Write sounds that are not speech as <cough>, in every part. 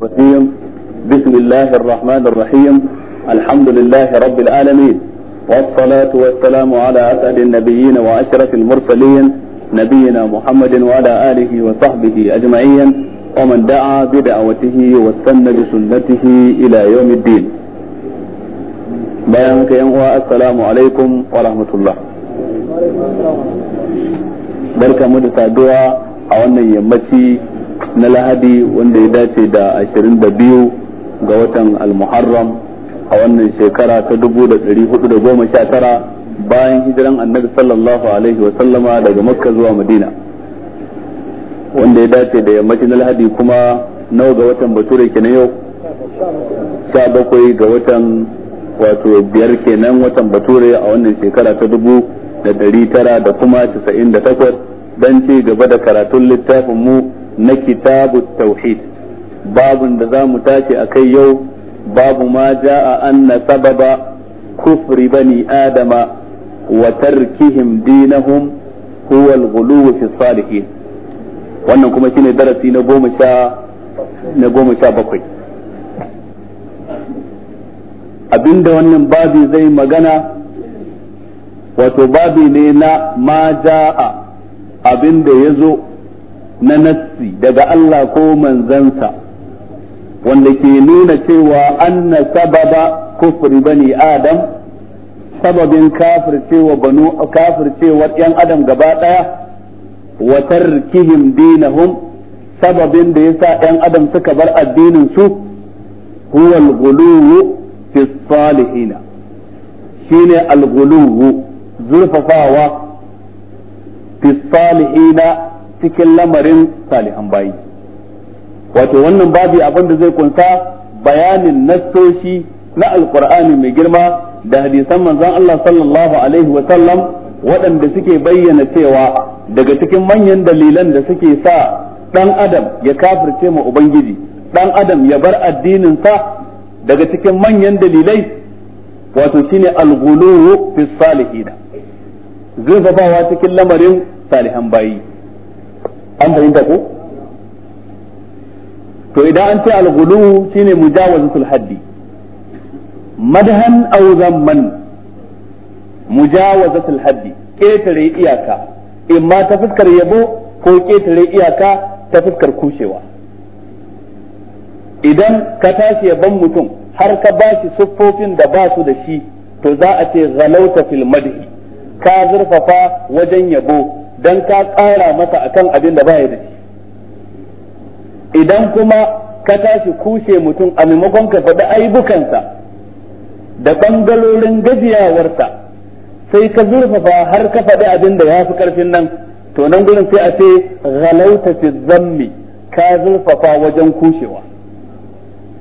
الرحيم بسم الله الرحمن الرحيم الحمد لله رب العالمين والصلاة والسلام على أسعد النبيين وأشرف المرسلين نبينا محمد وعلى آله وصحبه أجمعين ومن دعا بدعوته واستنى بسنته إلى يوم الدين بيانك يا السلام عليكم ورحمة الله بركة مدة دعاء أولا يمتي na lahadi wanda ya dace da 22 ga watan al-muharram a wannan shekara ta 1419 bayan hijiran annabi sallallahu alaihi wasallama daga makka zuwa madina wanda ya dace da yammacin lahadi kuma nawa ga watan bature kenan yau sha bakwai ga watan wato biyar kenan watan bature a wannan shekara ta dubu da dari tara da kuma casa'in da takwas don ci gaba da karatun littafin mu na kitabu tauhid babun da za mu tashi a kai yau babu ma a anna sababa kufri bani adama wa tarkihim dinahum huwa al fi salihin wannan kuma shine darasi na goma sha na goma bakwai abinda wannan babi zai magana wato babi ne na ma ja'a abinda ya zo na nassi daga Allah ko manzansa wanda ke nuna cewa anna sababa kufri bani adam sababin kafir cewa banu kafir cewa yan adam gaba daya wa tarkihim dinahum sababin da yasa yan adam suka bar addinin su huwa al-ghuluwu fi salihina shine al-ghuluwu zurfafawa fi salihina cikin lamarin salihan bayi wato wannan babi abin da zai kunsa bayanin nassoshi na alqur'ani mai girma da hadisan manzon Allah sallallahu alaihi wa sallam waɗanda suke bayyana cewa daga cikin manyan dalilan da suke sa ɗan adam ya kafirce ma ubangiji ɗan adam ya bar addinin sa daga cikin manyan dalilai wato shine al fi salihin zurfafawa cikin lamarin salihan bayi an fahimta ko to idan an ce al-ghulu shine mujawazatul haddi madhan aw zamman mujawazatul haddi ketare iyaka imma ta fuskar yabo ko ketare iyaka ta fuskar kushewa idan ka tashi yaban mutum har ka ba shi siffofin da ba su da shi to za a ce zalauta fil madhi ka zurfafa wajen yabo dan ka tsara masa akan abin da baya da shi idan kuma ka tashi kushe mutum a maimakon ka faɗi aibukansa da ɓangalorin gajiyawarsa sai ka zurfafa har ka faɗi abin da ya fi ƙarfin nan to nan gurin sai a ce ghalauta fi zammi ka zurfafa wajen kushewa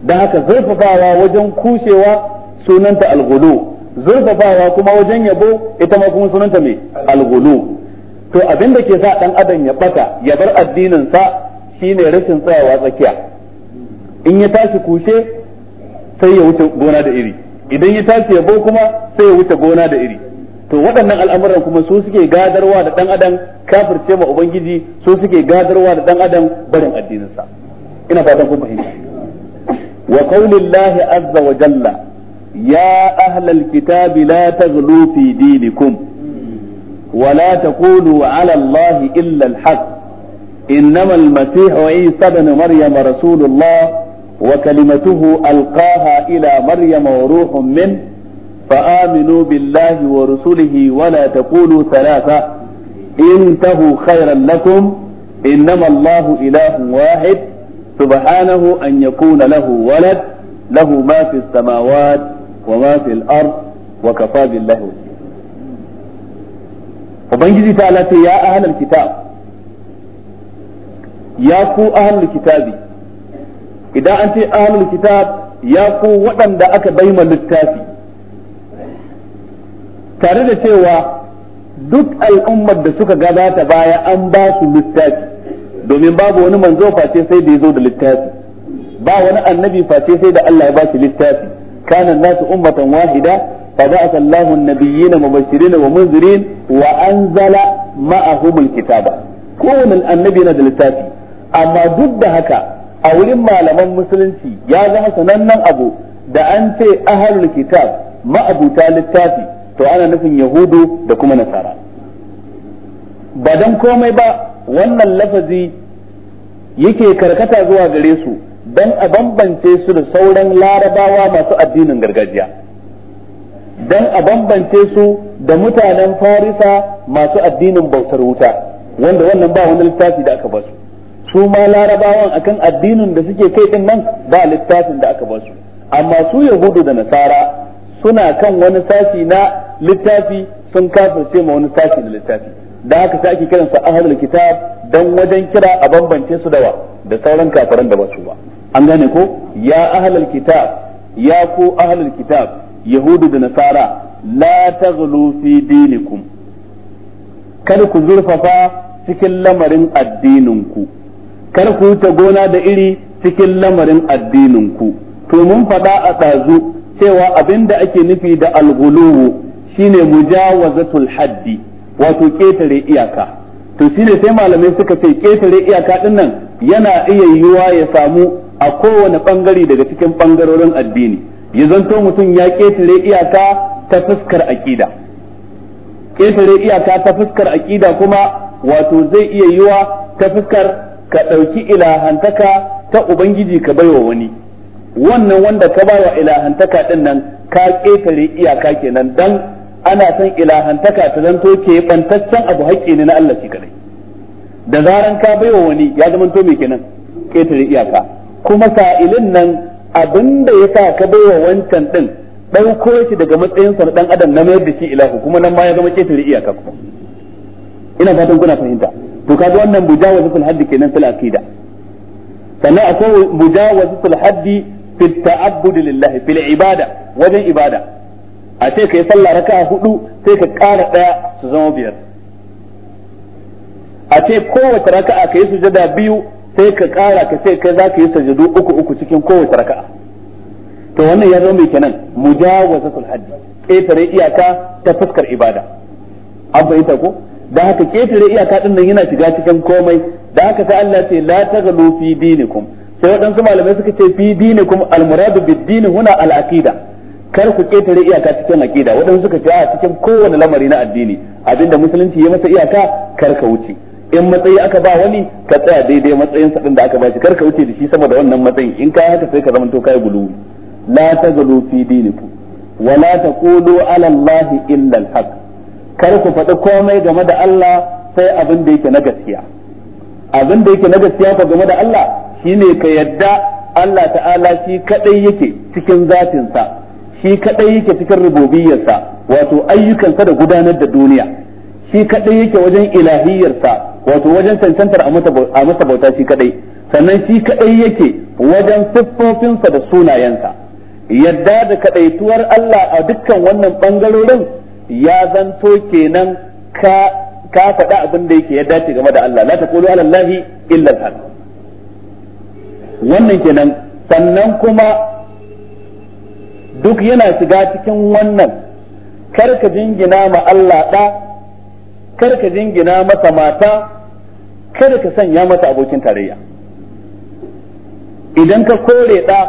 da haka zurfafawa wajen kushewa sunanta algulu zurfafawa kuma wajen yabo ita ma kuma sunanta mai algulu to abin da ke sa dan adam ya bata ya bar addinin sa shine rashin tsayawa tsakiya in ya tashi kushe sai ya wuce gona da iri idan ya tashi yabo kuma sai ya wuce gona da iri to waɗannan al'amuran kuma su suke gadarwa da dan adam kafirce ma ubangiji su suke gadarwa da dan adam barin addinin sa ina fatan kun fahimta wa qaulillahi azza wa jalla ya ahlal kitabi la taghlu fi dinikum ولا تقولوا على الله إلا الحق إنما المسيح عيسى بن مريم رسول الله وكلمته ألقاها إلى مريم وروح منه فآمنوا بالله ورسله ولا تقولوا ثلاثة انتهوا خيرا لكم إنما الله إله واحد سبحانه أن يكون له ولد له ما في السماوات وما في الأرض وكفى بالله وكيلا ubangiji ta ala ya ahlal kitab ya ku ahlul kitabi idan an ce ahlul kitab ya ku waɗanda aka baima littafi tare da cewa duk al'ummar da suka gabata baya an ba su littafi domin babu wani manzo face sai da ya zo da littafi ba wani annabi face sai da Allah ya ba shi littafi kana nasu ummatan wahida فبعث الله النبيين مبشرين ومنذرين وأنزل معهم الكتاب كون النبي نزل التافي duk ضد هكا a wurin malaman musulunci ya zama sanannen abu da an ce ahalul kitab ma'abuta littafi to ana nufin yahudu da kuma nasara ba dan komai ba wannan lafazi yake karkata zuwa gare su don a bambance su da sauran larabawa masu addinin gargajiya dan a bambance su da mutanen farisa masu addinin bautar wuta wanda wannan ba wani littafi da aka ba su su ma larabawan akan addinin da suke kai din nan ba littafin da aka ba su amma su yahudu da nasara suna kan wani sashi na littafi sun kafirce ma wani sashi na littafi da haka sai ake kiransa ahlul kitab dan wajen kira a bambance su da dawa da sauran kafiran da ba su ba an gane ko ya ahlul kitab ya ku ahlul kitab yahudu da nasara la taghlu fi dinikum kada ku zurfafa cikin lamarin addininku kada ku ta gona da iri cikin lamarin addininku to mun faɗa a ɗazu cewa abinda da ake nufi da alghuluwu shine mujawazatul haddi wato ƙetare iyaka to shine sai malamai suka ce ƙetare iyaka ɗinnan, nan yana iya yiwuwa ya samu a kowane ɓangare daga cikin ɓangarorin addini ya zanto mutum ya ƙetare iyaka ta fuskar aƙida, ƙetare iyaka ta fuskar aƙida kuma wato zai iya yiwa ta fuskar ka ɗauki ilahantaka ta ubangiji ka baiwa wani wannan wanda ka bawa ilahantaka ɗin nan ka ƙetare iyaka kenan dan ana son ilahantaka ta zanto ke bantaccen abu haƙƙi ne na Allah shi kadai da zaran ka baiwa wani ya zama to me kenan ƙetare iyaka kuma sa'ilin nan abinda ya sa ka baiwa wancan din ɗan shi daga matsayinsa na ɗan adam na mayar da shi ilahu kuma nan ma ya zama ƙetare iyaka kuma ina fatan kuna fahimta to kaga wannan mujawazatul haddi kenan fil aqida sannan akwai mujawazatul haddi fil ta'abbud lillahi fil ibada wajen ibada a ce kai sallah raka'a hudu sai ka ƙara ɗaya su zama biyar a ce kowace raka'a kai sujada biyu sai ka kara ka sai kai zaka yi sajadu uku uku cikin kowace raka'a to wannan ya zama mai kenan mujawazatul haddi ƙetare iyaka ta fuskar ibada an fahimta ko da haka ƙetare iyaka din nan yana shiga cikin komai da haka ta Allah ce la taghlu fi dinikum sai waɗansu malamai suka ce fi dinikum almuradu bid-din huna al-aqida kar ku ketare iyaka cikin aqida waɗansu suka ce a cikin kowane lamari na addini abinda musulunci ya masa iyaka kar ka wuce in matsayi aka ba wani ka tsaya daidai matsayin sa din da aka ba shi kar ka wuce da shi sama da wannan matsayin in ka haka sai ka zama to kai gulu la taglu fi dinikum wa la taqulu ala allahi illa alhaq kar ku faɗi komai game da Allah sai abin da yake na gaskiya abin da yake na gaskiya fa game da Allah shine ka yadda Allah ta'ala shi kadai yake cikin zatinsa shi kadai yake cikin rubobiyarsa wato ayyukansa da gudanar da duniya shi kadai yake wajen ilahiyarsa wato wajen cancantar a masa bauta shi kadai sannan shi kadai yake wajen siffofinsa da sunayensa yadda da kadaituwar Allah a dukkan wannan bangarorin ya zanto kenan ka ka faɗa abin da yake ya dace game da Allah la taqulu ala allahi illa al wannan kenan sannan kuma duk yana shiga cikin wannan karka jingina ma Allah da kar ka jingina masa mata kada ka sanya masa abokin tarayya idan ka kore ɗa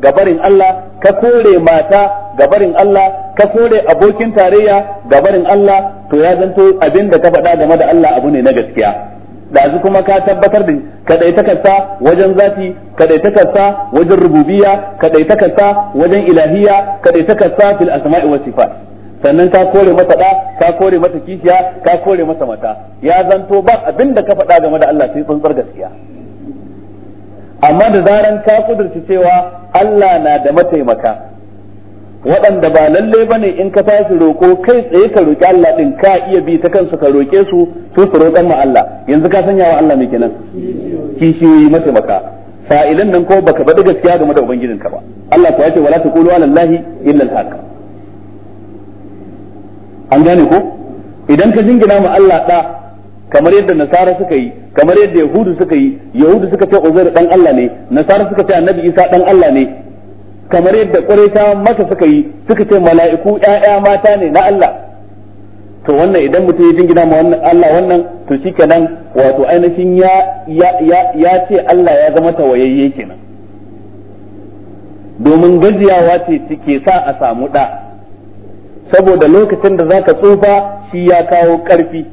gabarin Allah ka kore mata gabarin Allah ka kore abokin tarayya gabarin Allah to ya zanto abin da ka faɗa game da Allah abu ne na gaskiya dazu kuma ka tabbatar da kadaitakarsa wajen zati kadaitakarsa wajen rububiyya kadaitakarsa wajen ilahiyya kadaitakarsa fil asma'i wa sifat sannan ka kore mata da ka kore mata kishiya ka kore mata mata ya zanto ba abin da ka faɗa game da Allah sai tsantsar gaskiya amma da zaran ka kudurci cewa Allah na da mataimaka waɗanda ba lalle ba ne in ka tashi roƙo kai tsaye ka roƙi Allah ɗin ka iya bi ta kansu ka roƙe su su su roƙan ma Allah yanzu ka sanya wa Allah mai kenan kishiyoyi mataimaka fa'ilan nan ko baka bada gaskiya game da ubangijinka ba Allah ta ce wala taqulu ala llahi illa al an gane ko idan ka jingina ma Allah da kamar yadda nasara suka yi kamar yadda yahudu suka yi yahudu suka ce uzair dan Allah ne nasara suka ce annabi isa dan Allah ne kamar yadda quraisha mata suka yi suka ce mala'iku ƴaƴa mata ne na Allah to wannan idan mutum ya jingina ma wannan Allah wannan to shikenan wato ainihin ya ya ya ce Allah ya zama tawayayye kenan domin gajiyawa ce ke sa a samu da saboda lokacin da zaka tsufa shi ya kawo karfi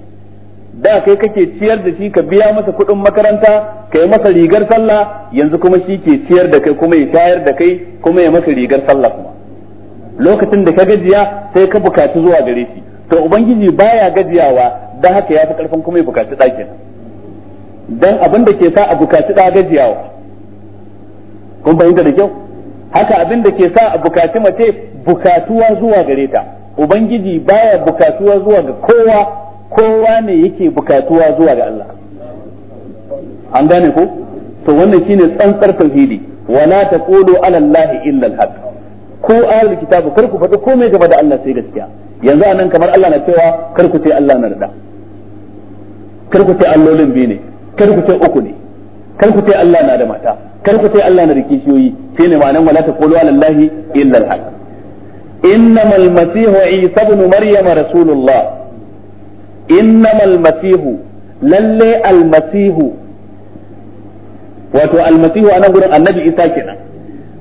da kai kake ciyar da shi ka biya masa kuɗin makaranta ka yi masa rigar sallah yanzu kuma shi ke ciyar da kai kuma ya tayar da kai kuma ya masa rigar sallah kuma lokacin da ka gajiya sai ka bukaci zuwa gare shi to ubangiji baya gajiyawa dan haka ya fi karfin kuma ya bukaci ɗakin dan abin da ke sa a bukaci ɗa gajiyawa kun fahimta da kyau haka abin da ke sa a bukaci mace bukatuwa zuwa gare ta ubangiji baya bukatuwa zuwa ga kowa kowa ne yake bukatuwa zuwa ga Allah an gane ko to wannan shine tsantsar tauhidi wala taqulu ala allahi illa alhaq ko ahlul kitab kar ku faɗi komai gaba da Allah sai gaskiya yanzu anan kamar Allah na cewa kar ku ce Allah na rida kar ku ce allolin biyu ne kar ku ce uku ne kar ku ce Allah na da mata kar ku ce Allah na da kishiyoyi shine nan wala taqulu ala allahi illa alhaq إنما المسيح عيسى بن مريم رسول الله إنما المسيح للي المسيح wato almasihu anan gurin annabi isa kenan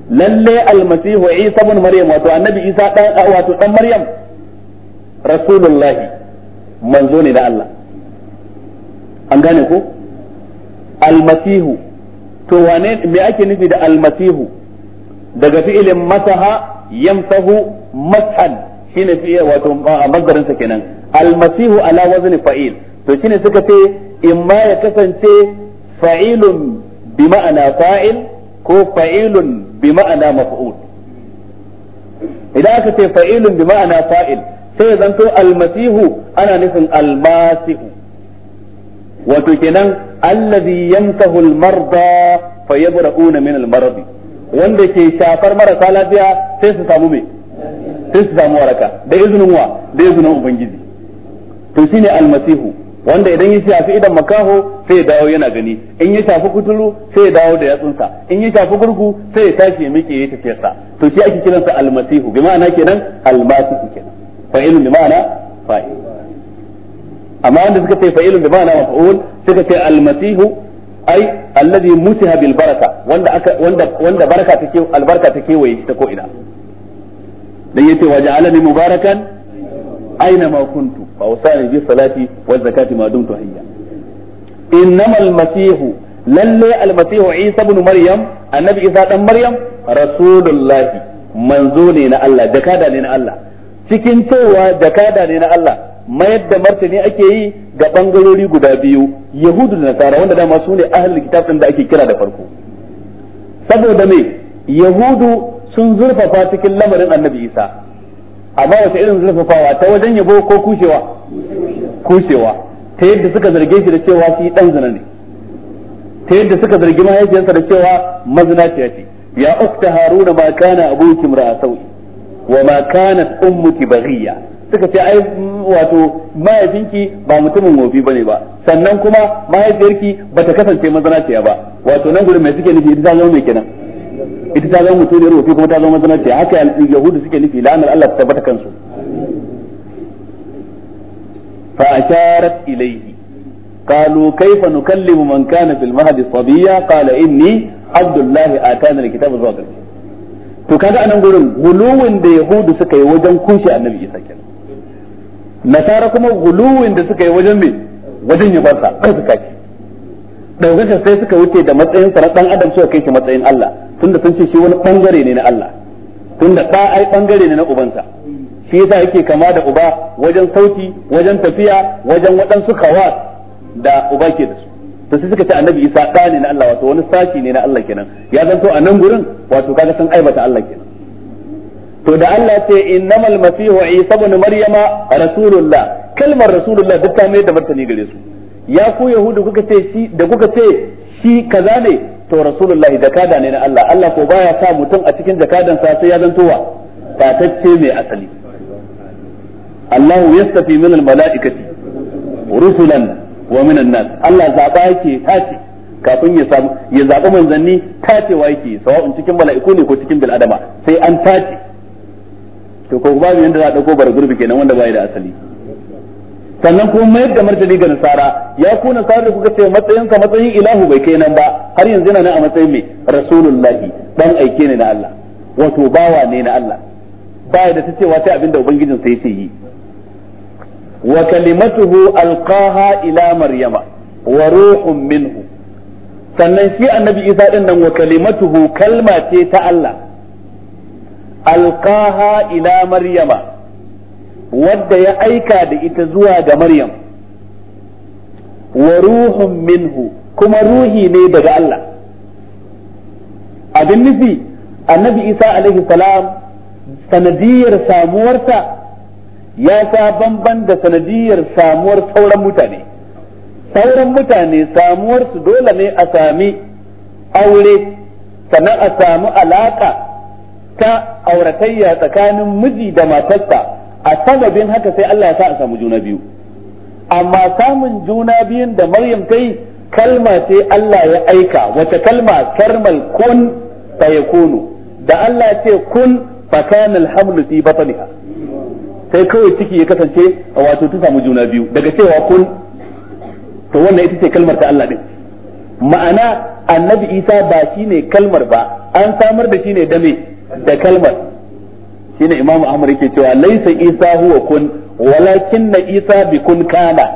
lalle almasihu isa ibn maryam wato annabi isa dan wato dan maryam rasulullahi manzo ne da Allah an gane ko almasihu to wane me ake nufi da almasihu daga fi'ilin masaha yamsahu mas'al shine fi'il wato mazdarin sa kenan almasihu ala wazni fa'il to shine suka ce ma ya kasance fa'ilun bi ma'ana fa'il ko fa'ilun bi ma'ana maf'ul idan aka ce fa'ilun bi ma'ana fa'il sai zanto almasihu ana nufin almasihu wato kenan allazi yankahu almarda fayabra'una min almaradi wanda ke shafar marasa lafiya sai su samu mai sai su samu waraka da izinin wa da izinin ubangiji to shine almasihu wanda idan ya shafi idan makaho sai ya dawo yana gani in ya shafi kuturu sai ya dawo da yatsunsa in ya shafi gurgu sai ya tashi ya miƙe ya sa to shi ake kiransa almasihu bi ma'ana kenan almasihu kenan fa'ilun bi ma'ana fa'il amma wanda suka ce fa'ilun bi ma'ana maf'ul suka ce almasihu ai allazi mutiha bil baraka wanda aka wanda wanda baraka take albarka take waye ta ko ina dan yace mubarakan aina ma kuntu fa usali bi salati wa zakati ma dumtu hayya innamal masihu lalle al isa ibn maryam annabi isa dan maryam rasulullahi manzo ne na Allah jakada ne na Allah cikin cewa jakada ne na Allah mayar da martani ake yi ga bangarori guda biyu yahudu da nasara wanda dama su ne kitab din da ake kira da farko saboda me yahudu sun zurfafa cikin lamarin annabi isa amma wata irin zurfafawa ta wajen yabo ko kushewa kushewa ta yadda suka zarge shi da cewa shi dan zina ne ta yadda suka zargi mahaifiyarsa da cewa mazinaciya ce ya ukta haruna ma kana abuki mar'a sau'i wa ma kanat ummuki baghiya suka ce ai wato mahaifinki ba mutumin wofi bane ba sannan kuma mahaifiyarki ba ta kasance mazanaciya ba wato nan gurin mai suke nufi ita ta zama mai kenan ita ta zama mutuniyar wofi kuma ta zama mazanaciya haka yahudu suke nufi la'anar Allah ta tabbata kansu fa asharat ilayhi قالوا كيف نكلم من كان في المهد صبيا قال إني عبد الله آتانا الكتاب zuwa ƙarshe to kaga anan gurin guluwin da yahudu suka yi wajen kunshi annabi isa kenan nasara kuma guluwin da suka yi wajen mai wajen yabarsa ɗaukaka shi ɗaukaka sai suka wuce da matsayin sa na ɗan adam suka kai shi matsayin Allah tunda sun ce shi wani ɓangare ne na Allah tunda da ai ɓangare ne na ubansa shi yasa yake kama da uba wajen sauti wajen tafiya wajen waɗansu kawa da uba ke da su to sai suka ce annabi isa ɗa ne na Allah wato wani saki ne na Allah kenan ya zanto a nan gurin wato kaga sun aibata Allah kenan to da Allah ce innamal masihu isa ibn maryama rasulullah kalmar rasulullah duk ta mai da martani gare su ya ku yahudu kuka ce shi da kuka ce shi kaza ne to rasulullahi jakada ne na Allah Allah ko baya sa mutum a cikin jakadan sa sai ya zantowa tatacce mai asali Allahu yastafi min al-mala'ikati rusulan wa min an Allah zaba yake tace kafin ya samu ya zaba manzanni wa yake sawa'un cikin mala'iku ne ko cikin bil adama sai an tace to ko babu yanda za a dauko bara gurbi kenan wanda bai da asali sannan kuma mayar da martani ga nasara ya ku nasara da kuka ce matsayin sa matsayin ilahu bai kai nan ba har yanzu yana nan a matsayin mai rasulullahi dan aike ne na Allah wato bawa ne na Allah Ba da ta cewa sai abinda ubangijin sa yake yi wa kalimatuhu alqaha ila maryama wa ruhun minhu sannan shi annabi isa din nan wa kalimatuhu kalma ce ta Allah Alkaha ila maryama wadda ya aika da ita zuwa ga maryam wa ruhun minhu kuma ruhi ne daga Allah abin nufi annabi isa alaihi salam sanadiyar samuwarsa ya sa bamban da sanadiyar samuwar sauran mutane sauran mutane samuwarsu dole ne a sami aure sannan a samu alaka ta auratayya tsakanin miji da matarsa a sababin haka sai Allah ya sa a samu juna biyu amma samun juna biyun da Maryam ta yi kalma ce Allah ya aika wata kalma karmal kun fa kunu da Allah ce kun fa kana fi batniha sai kawai ciki ya kasance wato ta samu juna biyu daga cewa kun to wannan ita ce kalmar ta Allah din ma'ana annabi Isa ba shine kalmar ba an samar da shi ne da me da kalmar shine imamu ahmad yake cewa laisa isa huwa kun walakin na isa bi kun kana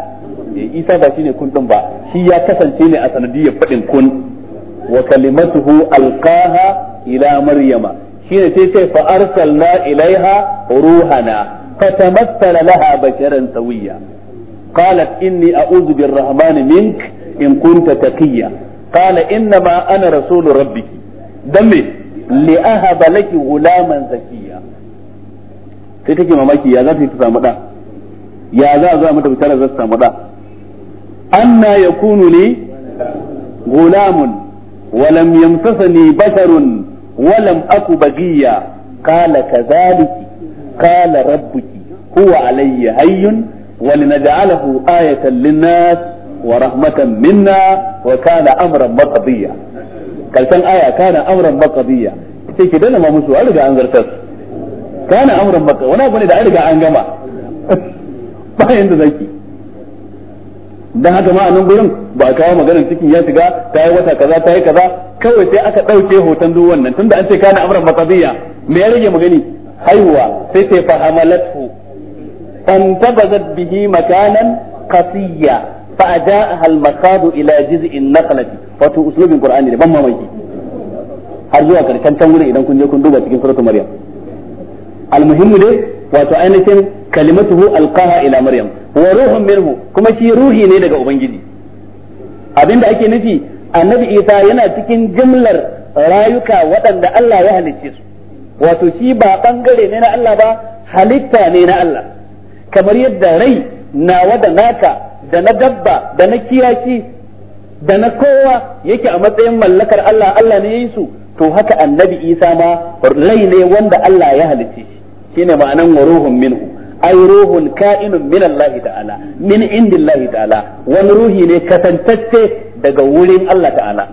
eh, isa ba shine kun din ba shi ya kasance ne a sanadiyar fadin kun wa kalimatuhu alqaha ila maryama shine sai ce fa arsalna ilaiha ruhana fatamassala laha basharan sawiya قالت إني أعوذ mink منك إن كنت تقيا قال إنما أنا رسول ربك دمي li ahaba laki gulaman sai take mamaki ya za ta yi ta samu da ya za a zo mata bishara za ta samu da ya kunu ne gulamun walam yamsasa ne basharun walam aku bagiya kala ka zaliki kala rabbuki huwa alayya hayyun wani na ja'alahu ولنجعله wa rahmatan minna wa kala amuran مقضيا karshen aya kana amran maqdiya sai ki dana ma musu an riga an zartar kana amran maqdiya wani abu ne da an riga an gama <laughs> bayan da zaki dan haka ma a nan gurin ba kawo maganar cikin ya shiga ta yi wata kaza ta yi kaza kawai sai aka ɗauke hoton duk wannan tunda an ce kana amran maqdiya me ya rage magani haihuwa sai sai fa hamalatu fantabazat bihi makanan qasiyya fa ajaaha al-makadu ila jiz'in naqlati wato uslubin qur'ani da ban mamaki har zuwa karshen can gurin idan kun je kun duba cikin suratul maryam al-muhimmu dai wato ainihin kalimatuhu alqaha ila maryam wa ruhun minhu kuma shi ruhi ne daga ubangiji abinda ake nufi annabi isa yana cikin jimlar rayuka waɗanda Allah ya halicce su wato shi ba bangare ne na Allah ba halitta ne na Allah kamar yadda rai nawa da naka da na dabba da na kiyaki da na kowa yake a matsayin mallakar Allah Allah ne yi su to haka annabi Isa ma rai ne wanda Allah ya halice shine ma'anan wa ruhun minhu ai ruhun ka'inun min Allah ta'ala min indillahi ta'ala wani ruhi ne kasantacce daga wurin Allah ta'ala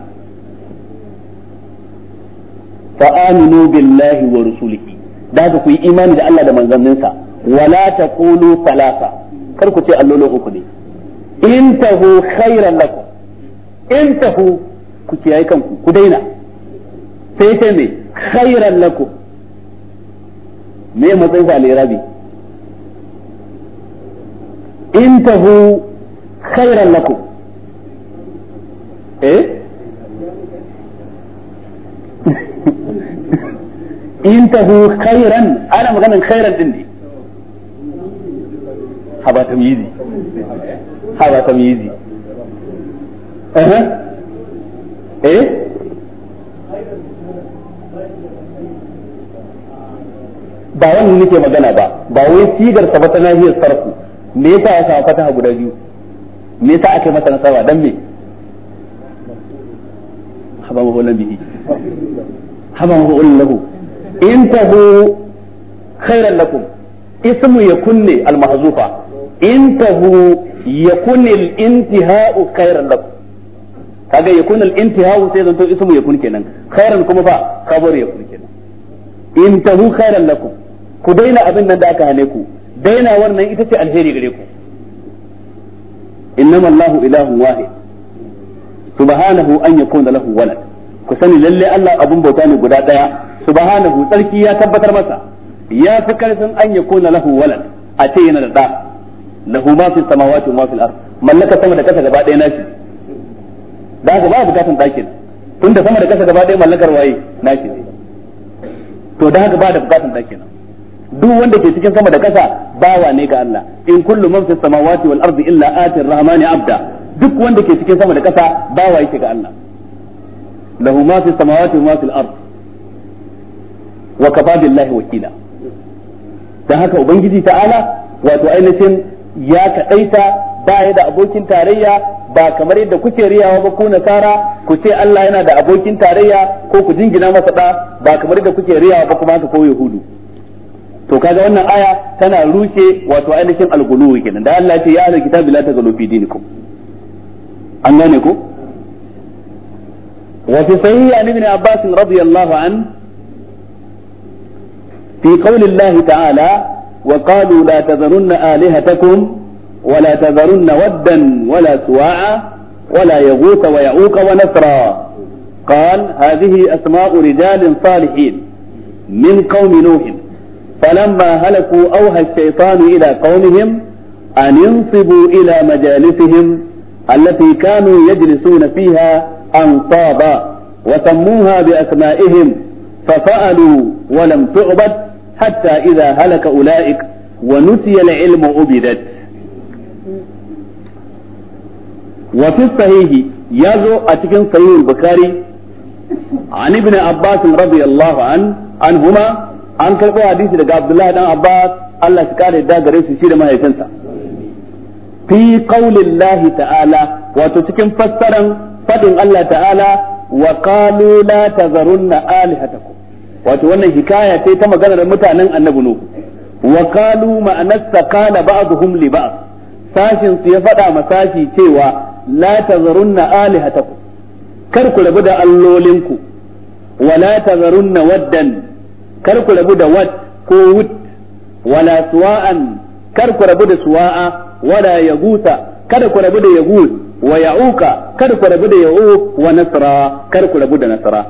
fa aminu billahi wa rusulihi da ku yi imani da Allah da manzanninsa wala taqulu salasa kar ku ce allolo uku ne intahu khairan lakum intahu ku kiyaye kanku ku daina sai ta me khairan lakum me matsayin fa al-irabi intahu khairan lakum eh <laughs> intahu khairan ana maganin khairan din ne haba tamyizi hawa yizi eh eh ba wani nake magana ba ba wai sigar sa bata ta hiyar sarfu me yasa ya samu fataha guda biyu me yasa aka yi masa nasaba dan me mu holan bihi mu holan lahu hu khairan lakum ismu yakunni al mahzufa hu yakunil intihau khairan lakum kaga yakunil intihau sai zanto ismu yakun kenan khairan kuma fa khabar yakun kenan intahu khairan lakum ku daina abin nan da aka hane ku daina wannan ita ce alheri gare ku innama Allahu ilahun wahid subhanahu an yakuna lahu walad ku sani lalle Allah abun bauta ne guda daya subhanahu tsarki ya tabbatar masa ya fi karfin an yakuna lahu walad a ce yana da da lahu ma fi samawati wa ma fil ard mallaka sama da kasa gaba ɗaya nashi da haka ba bukatan ɗakin tunda sama da kasa gaba ɗaya mallakar waye nashi ne to da haka ba da bukatan ɗakin duk wanda ke cikin sama da kasa bawa ne ga Allah in kullu man fi samawati wal ardi illa atir rahmani abda duk wanda ke cikin sama da kasa bawa yake ga Allah lahu ma fi samawati wa ma fil ard wa kafa billahi wakila da haka ubangiji ta'ala wato ainihin ya kadaita ba ya da abokin tarayya ba kamar yadda kuke riyawa ba ku nasara ku ce Allah yana da abokin tarayya ko ku jingina masa da ba kamar yadda kuke riyawa ba kuma haka ko yahudu to kaga wannan aya tana rushe wato ainihin alguluwi kenan da Allah ya ce ya ahlul kitabi la taghlu fi dinikum an gane ko wa fi sahih an ibn abbas radiyallahu an fi qawli Allah ta'ala وقالوا لا تذرن آلهتكم ولا تذرن ودا ولا سواعا ولا يغوث ويعوق ونسرا قال هذه أسماء رجال صالحين من قوم نوح فلما هلكوا أوهى الشيطان إلى قومهم أن انصبوا إلى مجالسهم التي كانوا يجلسون فيها أنصابا وسموها بأسمائهم ففعلوا ولم تعبد hatta idza halaka ulaik wa nutiya al-ilmu ubidat wa fi sahihi yazo a cikin sahih al-bukhari an ibn abbas radiyallahu an anhuma an karbo hadisi daga abdullahi dan abbas Allah ya kare da gare shi da mahaifinsa fi qaulillahi ta'ala wato cikin fassaran fadin Allah ta'ala wa qalu la tazarunna alihatakum wato wannan hikaya ce ta maganar mutanen annabi nuhu wa qalu anasta qala ba'dhum li ba'd sashin su ya fada ma sashi cewa la tazarunna alihatakum kar ku rabu da allolinku wa la tazarunna waddan kar ku rabu da wad ko wud wala suwa'an kar ku rabu da suwa'a wala yaguta kada ku rabu da yagus wa ya'uka kada ku rabu da ya'u wa nasra kar ku rabu da nasra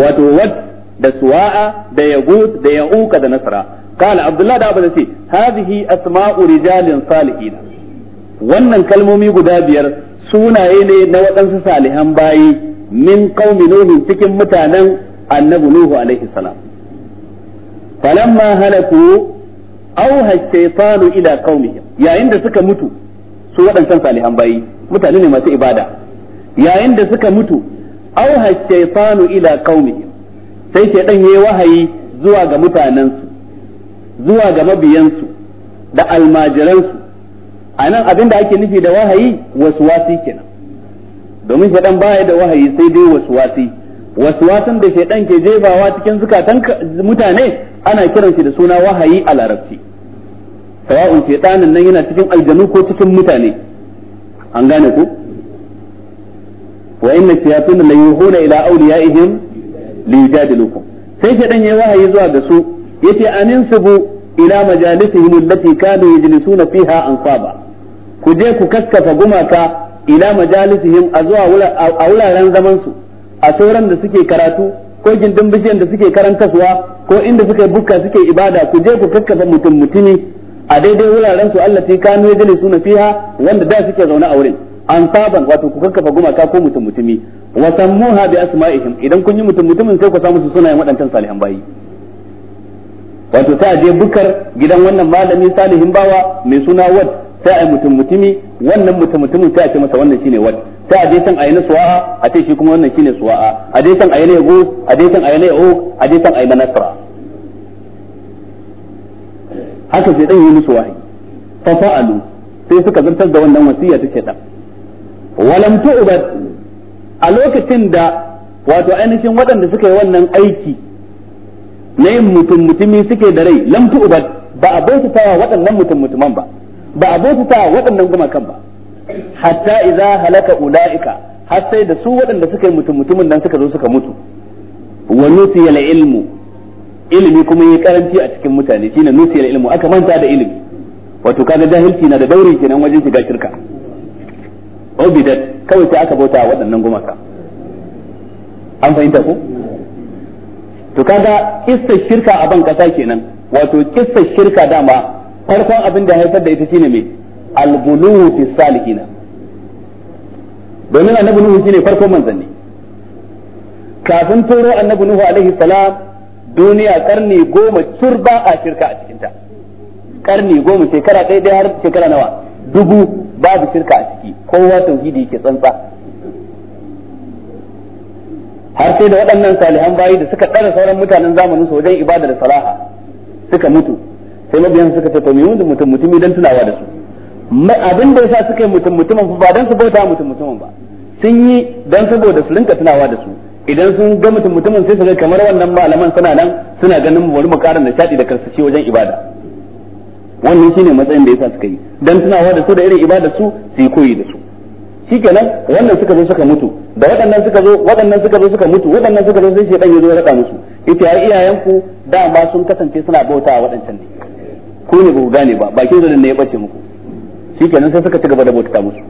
wato wad da suwa'a da yagud da ya'uka da nasara qala abdullah da abada ce hadhihi asma'u rijalin salihin wannan kalmomi guda biyar sunaye ne na waɗansu salihan bayi min qaumi nuhu cikin mutanen annabi nuhu alaihi salam falamma halaku auha shaytanu ila qaumihim yayin da suka mutu su waɗancan salihan bayi mutane ne masu ibada yayin da suka mutu auha shaytanu ila qaumihim sai ya yayi wahayi zuwa ga mutanensu zuwa ga mabiyansu da almajiransu anan abin da ake nufi da wahayi waswasi kenan domin shaidan baya da wahayi sai dai waswasi waswasin da shaidan ke jefawa cikin zukatan mutane ana kiran shi da suna wahayi a larabci sawa'un shaytanin nan yana cikin aljanu ko cikin mutane an gane ku wa inna shayatin la yuhuna ila awliyaihim li sai sai shedan yayi wahayi zuwa ga su yace aninsubu ila majalisihim allati kanu yajlisuna fiha ansaba ku je ku kaskafa gumaka ila majalisihim a zuwa a wuraren zaman su a sauran da suke karatu ko gindin bishiyan da suke karantaswa ko inda suke bukka suke ibada ku je ku kakkafa mutum mutumi a daidai wuraren su allati kanu yajlisuna fiha wanda da suke zaune a wurin an saban wato ku kakkafa gumaka ko mutum mutumi wa sammuha bi asma'ihim idan kun yi mutum mutumin sai ku samu su sunayen waɗancan salihan bayi wato sai a je bukar gidan wannan malami salihin bawa mai suna wad sai a yi mutum mutumi wannan mutum mutumin sai a ce masa wannan shine wad sai a je san ayi na suwa'a a ce shi kuma wannan shine suwa'a a je san ayi na yago a je san ayi na yago a je san ayi na nasra haka sai dan yi musu wahayi fa fa'alu sai suka zartar da wannan wasiya take da ta walam tu'bad a lokacin da wato ainihin waɗanda suka yi wannan aiki na yin mutum mutumi suke da rai lam tu'bad ba a ta wa waɗannan mutum mutuman ba ba a ta wa waɗannan gumakan ba hatta idza halaka ulaika har sai da su waɗanda suka yi mutum mutumin nan suka zo suka mutu wa nusiya ilmu ilimi kuma yi karanci a cikin mutane shine nusiya ilmu aka manta da ilimi wato kaga jahilci na da daure kenan wajen shiga shirka obidat kawai sai aka bauta waɗannan gumaka an fahimta ku? to kaga kissa shirka a ban kasa kenan wato kissa shirka dama farkon abin da haifar da ita shine me al-ghulu fi salihina domin annabi nuhu shine farkon manzanni kafin turo annabi nuhu alaihi salam duniya karni goma turba a shirka a cikinta karni goma shekara ɗaya har shekara nawa dubu babu shirka a ciki kowa tauhidi yake tsantsa har sai da waɗannan salihan bayi da suka ɗara sauran mutanen zamanin su wajen ibada da salaha suka mutu sai mabiyan suka ce to me wanda mutum mutumi dan tunawa da su abin da yasa suka yi mutum mutumin ba dan su bauta mutum mutumin ba sun yi dan saboda su rinka tunawa da su idan sun ga mutum mutumin sai su ga kamar wannan malaman suna nan suna ganin bari mu karin da shaɗi da karsashi wajen ibada wannan shine matsayin da yasa suka yi dan tunawa da su da irin ibada su su yi koyi da su shikenan wannan suka zo suka mutu da waɗannan suka zo waɗannan suka zo suka mutu waɗannan suka zo sai shedan ya zo ya raka musu ita ya iyayenku da ba sun kasance suna bauta a waɗancan ne ku ne ba ku gane ba bakin zanen ne ya bace muku shikenan sai suka ci gaba da bauta musu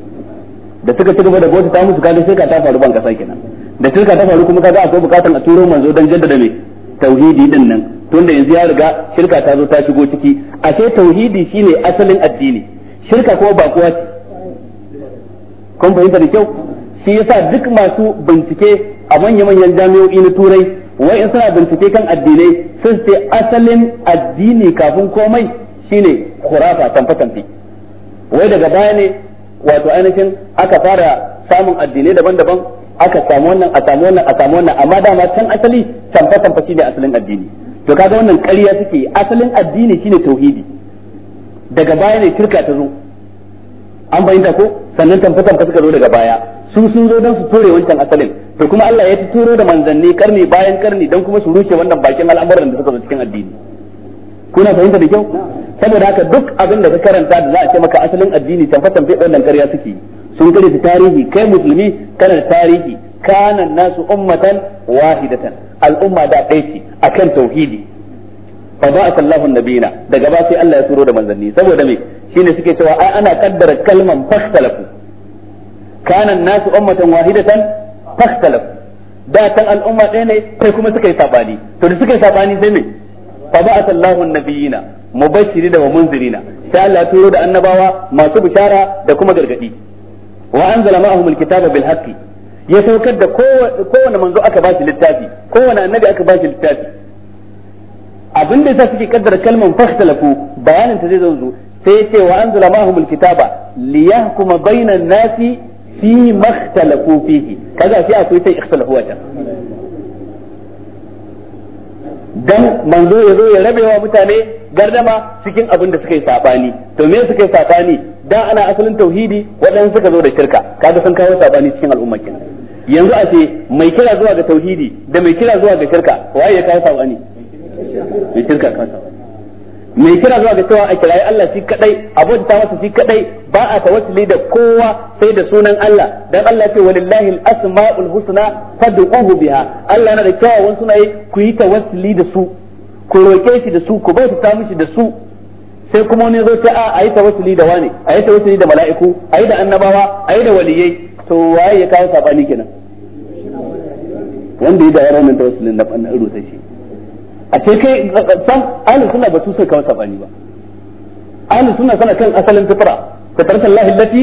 da suka ci gaba da bauta musu kaga sai ka ta faru ban kasa kenan da shirka ta faru kuma kaga akwai bukatan a turo manzo dan jaddada mai tauhidi din nan tunda yanzu ya riga shirka ta zo ta shigo ciki ashe tauhidi shine asalin addini shirka kuma ba kowa ce kun fahimta da kyau shi yasa duk masu bincike a manya-manyan jami'o'i na turai wai in suna bincike kan addinai sun ce asalin addini kafin komai shine khurafa tamfa tamfi wai daga baya ne wato ainihin aka fara samun addinai daban-daban aka samu wannan a samu wannan a samu wannan amma dama can asali tamfa tamfa shine asalin addini to kaga wannan ƙarya suke asalin addini shine tauhidi daga baya ne shirka ta zo an bayyana ko sannan tamfatan ka suka zo daga baya su sun zo don su tore wancan asalin to kuma Allah ya turo da manzanni karni bayan karni don kuma su rushe wannan bakin al'amuran da suka zo cikin addini kuna fahimta da kyau saboda haka duk abin da ka karanta da za a ce maka asalin addini tamfatan bai wannan ƙarya suke sun kare tarihi kai musulmi kana da tarihi kana nasu ummatan wahidatan al'umma da ɗaya ce kan tauhidi fa ba sallahu nabiyina daga ba sai Allah ya turo da manzanni saboda me shine suke cewa ai ana kaddara kalman fastalafu kana nasu ummatan wahidatan fastalafu da kan al'umma ɗaya ne sai kuma suka yi sabani to da suka yi sabani sai me fa ba sallahu nabiyina mubashiri da munzirina sai Allah ya turo da annabawa masu bishara da kuma gargadi wa anzala ma'ahum alkitaba bil haqqi ya saukar da kowane manzo aka shi littafi kowane annabi aka shi littafi abin da yasa suke kaddara kalman fahtalafu bayanin ta zai zo sai ya ce wa anzala mahum alkitaba liyahkuma bainan nasi fi makhtalafu fihi kaga sai akwai sai ikhtalafu wata dan manzo ya zo ya rabe wa mutane gardama cikin abin da suka yi sabani to me suka yi sabani da ana asalin tauhidi waɗansu suka zo da shirka kaga sun kawo sabani cikin al'ummar kenan yanzu a ce mai kira zuwa ga tauhidi da mai kira zuwa ga shirka waye ya kawo sabani mai shirka kawo sabani mai kira zuwa ga cewa a kirayi Allah shi kadai abota masa shi kadai ba a tawassuli da kowa sai da sunan Allah dan Allah ce walillahi al-asmaul husna fad'uhu biha Allah yana da kyawawan sunaye ku yi tawassuli da su ku roke shi da su ku bauta ta mishi da su sai kuma wani zo ce a ayi tawassuli da wani ayi tawassuli da mala'iku ayi da annabawa ayi da waliyai to waye ya kawo sabani kenan wanda ya da yaran nan da wasu lindan an naɗin rusa shi a ce kai san ahalin suna ba su sai kawai sabani ba ahalin suna sana kan asalin tufara ka tarsa lahi lati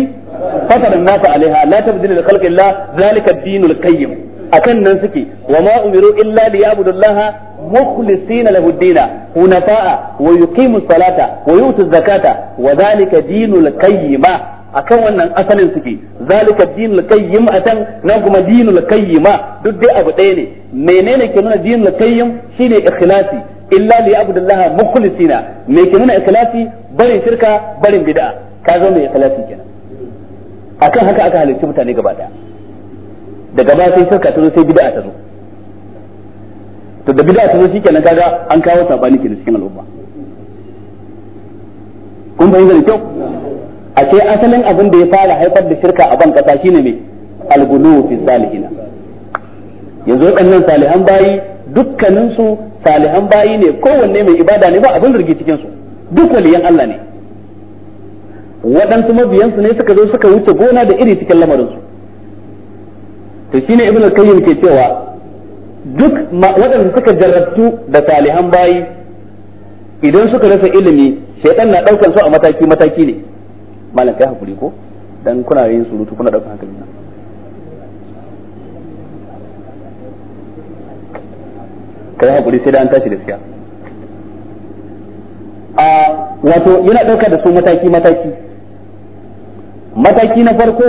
fata da mata alaiha la ta bujina da kalkin la zalika dinul kayyum a kan nan suke wa ma umiru illa li yabudu allaha mukhlisina lahu dina hunafa wa yuqimu salata wa yutu zakata wa zalika dinul kayyima akan wannan asalin suke zalika dinul qayyim atan nan kuma dinul qayyima duk dai abu ɗaya ne menene ke nuna dinul qayyim shine ikhlasi illa li abdullah mukhlisina me ke nuna ikhlasi barin shirka barin bid'a ka zo mai ikhlasi kenan akan haka aka halicci mutane gaba daya daga baya sai shirka ta zo sai bid'a ta zo to da bid'a ta zo shikenan kaga an kawo sabani kenan cikin al'umma kun bayyana da kyau a ce asalin abin da ya fara haifar da shirka a ban kasa shine me algulu fi salihina yanzu waɗannan salihan bayi dukkanin su salihan bayi ne kowanne mai ibada ne ba abin zargi cikin su duk waliyan Allah ne waɗansu mabiyansu ne suka zo suka wuce gona da iri cikin lamarin su to shine ibn al-qayyim ke cewa duk waɗanda suka jarrabtu da salihan bayi idan suka rasa ilimi shaytan na ɗaukan su a mataki mataki ne malam kai hakuri ko dan kuna yin surutu kuna daukan hankali na kai hakuri sai da an tashi gaskiya a wato yana dauka da su mataki mataki mataki na farko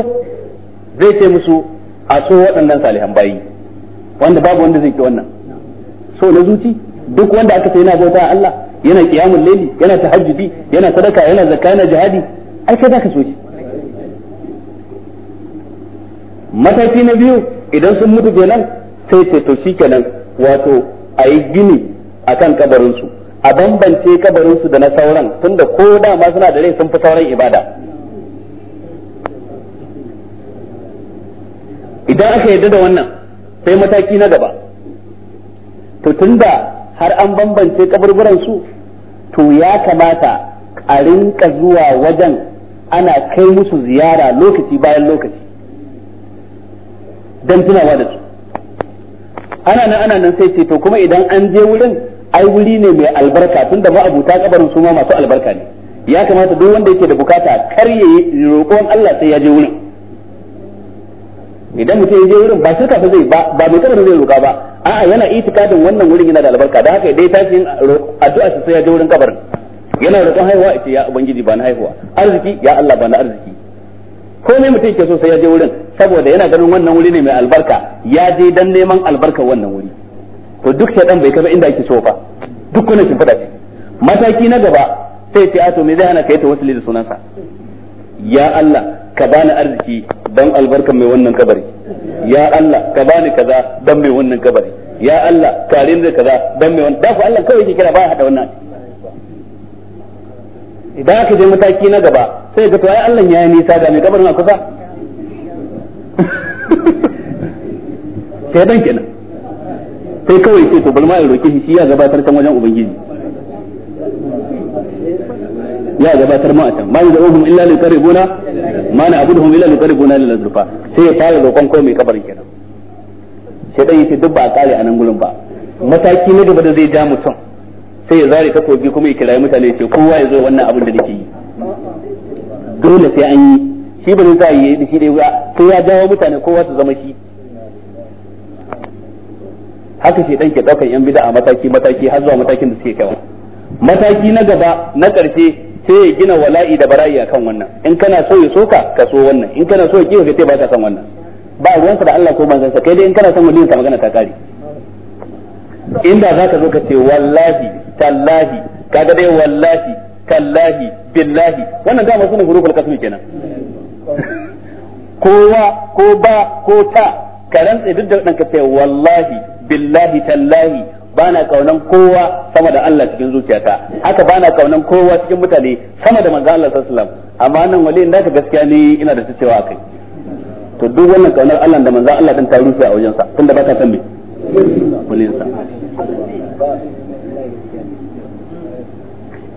zai ce musu a so waɗannan salihan bayi wanda babu wanda zai ki wannan so na zuci duk wanda aka ce yana bauta Allah yana kiyamul laili yana tahajjudi yana sadaka yana zakka yana jihadi ai za ka so shi mataki na biyu idan sun mutu kenan sai ce to shi kenan wato a yi gini a kan kabarinsu a bambance kabarinsu da na sauran tunda ko dama suna da rai sun fi sauran ibada idan aka yarda da wannan sai mataki na gaba to tunda har an bambance kaburburansu to ya kamata a rinka zuwa wajen ana kai musu ziyara lokaci bayan lokaci don tunawa da su ana nan ana nan sai ce to kuma idan an je wurin ai wuri ne mai albarka tunda ma abuta kabarin su ma masu albarka ne ya kamata duk wanda yake da bukata kar ya roƙon Allah sai ya je wurin idan mutum ya je wurin ba shirka fa zai ba ba mai kabarin zai roƙa ba a'a yana itikadin wannan wurin yana da albarka da haka dai tashi addu'a sai ya je wurin kabarin yana da haihuwa ita ya ubangiji ba na haihuwa arziki ya Allah ba na arziki komai mutum ke so sai ya je wurin saboda yana ganin wannan wuri ne mai albarka ya je dan neman albarkar wannan wuri to duk shaidan bai kaza inda ake so ba duk kuna shi fada mataki na gaba sai ce a to me zai hana kai ta tawassuli da sunansa ya Allah ka bani arziki dan albarkar mai wannan kabari ya Allah ka bani kaza dan mai wannan kabari ya Allah ka ni da kaza dan mai wannan da Allah kawai ke kira ba hada wannan idan aka je mataki na gaba sai ga to ai Allah ya yi nisa ga mai kabarin a kusa kai <laughs> dan kenan sai kawai sai to balma ya roke shi ya gabatar kan wajen ubangiji ya gabatar ma a can ma da ohum illa liqaribuna ma na hum illa liqaribuna lil azrufa sai ya fara roƙon kai mai kabarin kenan sai dan yace duk ba a kare a gurin ba mataki na gaba da zai ja mutum sai ya zare takobi kuma ya kirayi mutane ce kowa ya zo wannan abin da nake yi dole sai an yi shi ba za a yi shi dai ba sai ya jawo mutane kowa su zama shi haka shi dan ke daukan yan bid'a mataki mataki har zuwa matakin da suke kaiwa mataki na gaba na karshe sai ya gina wala'i da bara'i akan wannan in kana so ya soka ka so wannan in kana so ya kiwa ka ce ba ka san wannan ba ruwansa da Allah ko manzansa kai dai in kana son waliyin sa magana ta kare inda za ka zo ka ce wallahi tallahi kaga dai wallahi tallahi billahi wannan dama sunan huruful qasmi kenan kowa ko ba ko ta ka rantsa duk da wadanka ce wallahi billahi tallahi bana kaunan kowa sama da Allah cikin zuciyata haka bana kaunan kowa cikin mutane sama da manzo Allah sallallahu alaihi wasallam amma nan wali inda ka gaskiya ne ina da cewa kai to duk wannan kaunar Allah da manzo Allah din ta rufe a wajensa tunda ba ta san me waliyansa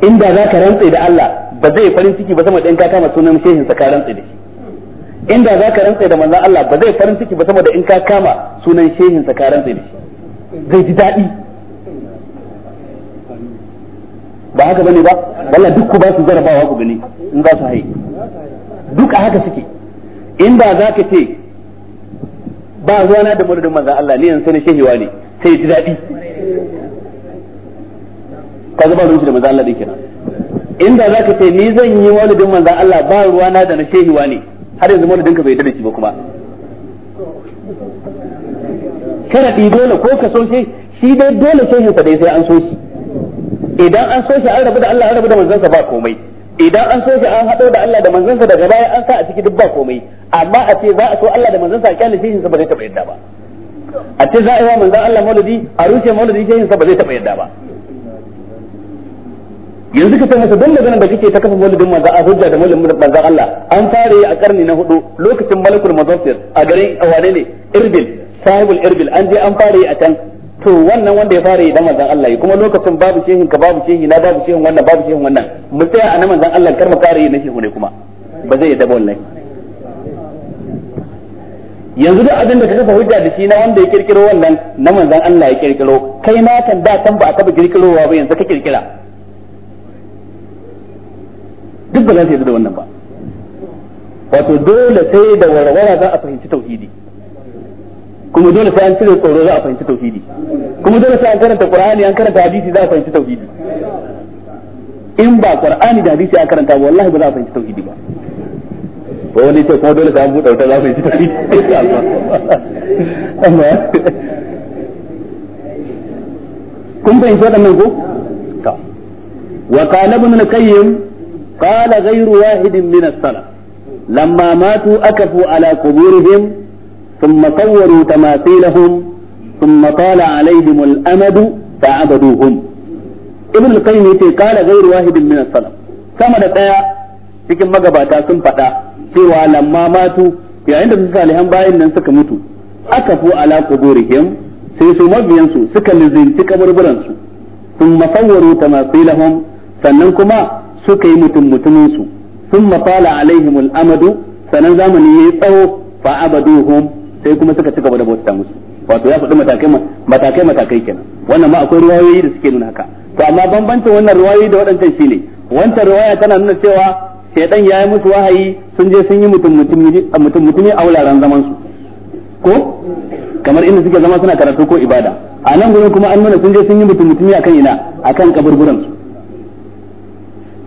inda za ka rantse da Allah ba zai farin ciki ba sama da in ka kama sunan shehin sa ka rantse da shi inda za ka rantse da manzon Allah ba zai farin ciki ba sama da in ka kama sunan shehin sa ka rantse da shi zai ji daɗi ba haka bane ba walla duk ku ba su wa ku gani in za su haye duk a haka suke inda za ka ce ba ruwana da muridin manzon Allah ne yanzu ne shehiwa ne sai ji daɗi ka ga ba ruwan da manzo Allah din kenan inda zaka ce ni zan yi walidin manzo Allah ba ruwa na da na shehi wani har yanzu walidin ka bai yarda da shi ba kuma sharadi dole ko ka so shi shi dai dole shehin ka dai sai an so shi idan an so shi an rabu da Allah an rabu da manzon sa ba komai idan an so shi an hado da Allah da manzon sa daga baya an sa a ciki duk ba komai amma a ce za a so Allah da manzon sa a kyale shehin sa ba zai taba yadda ba a ce za a yi wa manzon Allah maulidi a rushe maulidi shehin sa ba zai taba yadda ba yanzu ka san don dan da da kake ta kafa maulidin manzo a hujja da maulidin manzo Allah an fara yi a karni na hudu lokacin malakul mazafir a garin wane ne irbil sahibul irbil an je an fara yi a can to wannan wanda ya fara yi dan manzon Allah kuma lokacin babu shehin ka babu shehin na babu shehin wannan babu shehin wannan mu tsaya a nan manzo Allah kar mu fara yi na shehu ne kuma ba zai yi ba wallahi yanzu duk abin da ka kafa hujja da shi na wanda ya kirkiro wannan na manzon Allah ya kirkiro kai ma kan da kan ba ka ba kirkirowa ba yanzu ka kirkira duk ba za su yarda da wannan ba wato dole sai da warwara za a fahimci tauhidi kuma dole sai an cire tsoro za a fahimci tauhidi kuma dole sai an karanta qur'ani an karanta hadisi za a fahimci tauhidi in ba qur'ani da hadisi an karanta ba wallahi ba za a fahimci tauhidi ba ko wani ce kuma dole sai an buɗe wuta za a fahimci tauhidi <laughs> amma kun fahimci waɗannan ko wa qala ibn al-qayyim qala ghayru wahidin min as-salaf lamma matu akafu ala quburihim thumma sawwaru tamathilahum thumma tala alaihim al-amadu fa'abaduhum ibn al yace qala ghayru wahidin sama da ɗaya cikin magabata sun faɗa cewa lamma matu yayin da su salihan bayan nan suka mutu aka fu ala sai su mabiyansu suka lizinci kaburburansu su sun masawwaru tamasilahum sannan kuma suka yi mutum mutumin su sun mafala alaihim al'amadu sanan zamani ya yi tsawo fa abaduhum sai kuma suka cika da bauta musu wato ya faɗi matakai matakai matakai kenan wannan ma akwai riwayoyi da suke nuna haka to amma bambancin wannan riwayoyi da waɗancan shine wancan riwaya tana nuna cewa shaidan ya yi musu wahayi sun je sun yi mutum mutum mutumi a wuraren zaman su ko kamar inda suke zama suna karatu ko ibada a nan gurin kuma an nuna sun je sun yi mutum mutumi akan ina akan kaburburan su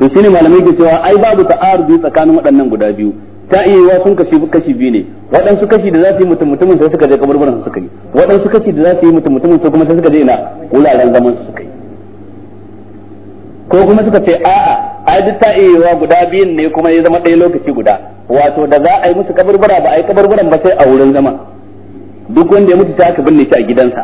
to shine malamai ke cewa ai babu ta'arudi tsakanin waɗannan guda biyu ta iya yiwa sun kashi kashi biyu ne waɗansu kashi da za su yi mutum mutumin sai suka je kaburburan su suka yi waɗansu kashi da za su yi mutum mutumin su kuma sai suka je ina wuraren zaman su suka yi ko kuma suka ce a'a ai duk ta iya yiwa guda biyun ne kuma ya zama ɗaya lokaci guda wato da za a yi musu kaburbura ba a yi kaburburan ba sai a wurin zama duk wanda ya mutu sai aka binne shi a gidansa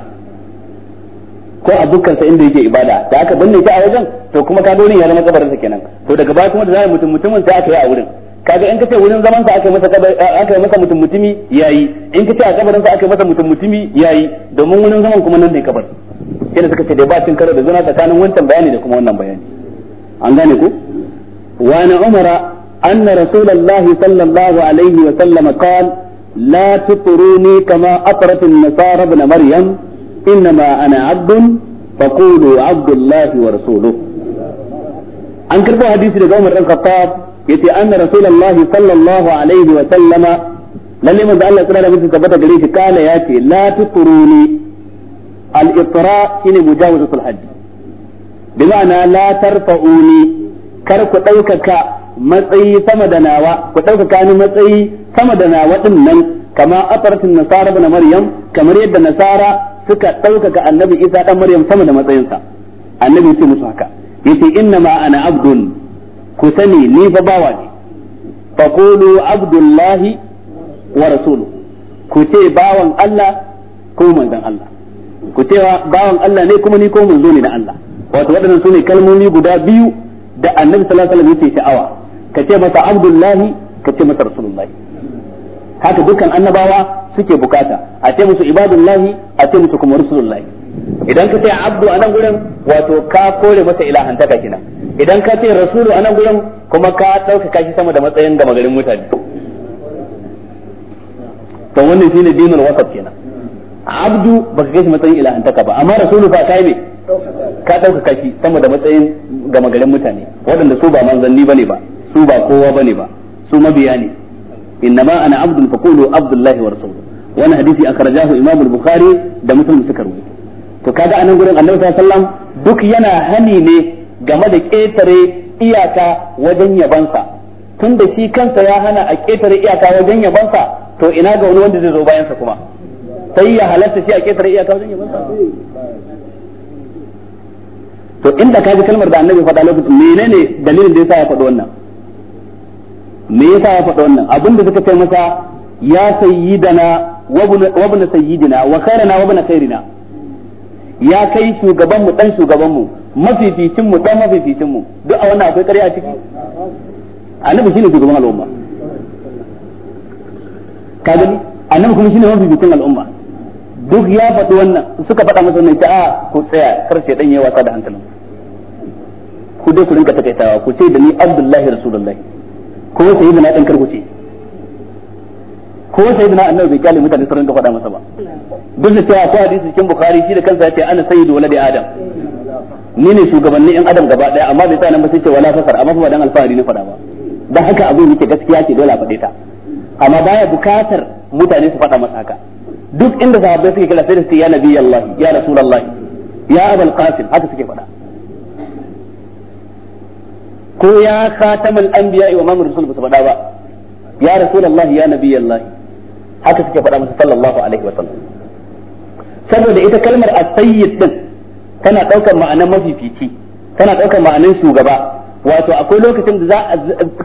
ko a dukkansa inda yake ibada da aka binne shi a wajen to kuma ka wurin ya zama kabarinsa kenan to daga baya kuma da zai mutum mutumin sai aka yi a wurin kaga in kace wurin zaman sa aka yi masa aka yi masa mutum mutumi yayi in kace a kabarin sa aka yi masa mutum mutumi yayi domin wurin zaman kuma nan ne kabar kina suka ce da ba cin karo da zuna tsakanin wancan bayani da kuma wannan bayani an gane ku wa na umara anna rasulullahi sallallahu alaihi wa sallam qala la tutruni kama atrat an-nasara ibn maryam إنما أنا عبد فقولوا عبد الله ورسوله an karbo hadisi daga Umar dan Khattab yace anna Rasulullah sallallahu alaihi wa sallama lalle manzo Allah tsara da mutum tabbata gare shi kana yace la tuturuni al-itra shine mujawazatul hadd bi la kar ku daukaka matsayi sama da nawa ku ɗaukaka ni matsayi sama da nawa ɗin nan kama afartin nasara na maryam kamar yadda nasara suka ɗaukaka annabi isa dan maryam sama da matsayinsa annabi yace musu haka yace inna ma ana abdun ku sani ni fa bawa ne fa qulu abdullahi wa rasulu ku ce bawan Allah ko manzon Allah ku ce bawan Allah ne kuma ni ko manzo ne na Allah wato waɗannan ne kalmomi guda biyu da annabi sallallahu alaihi wasallam yake sha'awa ka ce masa abdullahi ka ce masa rasulullahi haka dukkan annabawa suke bukata a ce musu ibadun lahi a ce musu kuma rusulun lahi idan ka ce abdu a nan gurin wato ka kore masa ilahan ta kina idan ka ce rasulu a nan gurin kuma ka ɗaukaka shi sama da matsayin gama garin mutane to wannan ne dinul wasaf kenan abdu ba ka shi matsayin ilahan ta ba amma rasulu ba kai ne ka ɗaukaka shi sama da matsayin gama garin mutane waɗanda su ba manzanni bane ba su ba kowa bane ba su mabiya ne innama ana abdun faqulu abdullahi wa rasuluhu wannan hadisi akhrajahu imam al da muslim suka rubuta to kaga anan gurin annabi sallallahu alaihi duk yana hani ne game da ketare iyaka wajen yabansa tunda shi kansa ya hana a ƙetare iyaka wajen yabansa to ina ga wani wanda zai zo bayansa kuma sai ya halatta shi a ƙetare iyaka wajen yabansa to inda kaji kalmar da annabi faɗa lokacin menene dalilin da yasa ya faɗi wannan me yasa ya faɗa wannan abinda suka kai masa ya sayyidana wa ibn sayyidina wa khairana wa ibn khairina ya kai shugaban mu dan shugaban mu mafificin mu dan mafificin mu duk a wannan akwai ƙarya ciki annabi shine shugaban al'umma ka gani annabi kuma shine mafificin al'umma duk ya faɗi wannan suka faɗa masa ta a ku tsaya kar sai dan yayi wasa da hankalin ku dai ku rinka takaitawa ku ce da ni abdullahi rasulullahi ko sai da na dan karkuce ko sai da na annabi bai kyale mutane sun ga faɗa masa ba duk da cewa ko hadisi cikin bukhari shi da kansa yace ana sayyidu waladi adam ni ne shugabanni in adam gaba daya amma bai sa nan ba sai ce wala fasar amma ba dan alfahari ne faɗa ba dan haka abin yake gaskiya ce dole a faɗe ta amma baya bukatar mutane su faɗa masa haka duk inda sahabbai suke kira sai da su ya nabi Allah ya rasulullahi ya abul qasim haka suke faɗa ko ya khatamal anbiya wa mamur rasul ba su faɗa ba ya rasulullahi ya nabiyallahi haka suke faɗa masa sallallahu alaihi wa sallam saboda ita kalmar as-sayyid din tana daukar ma'anar mafifici tana daukar ma'anar shugaba wato akwai lokacin da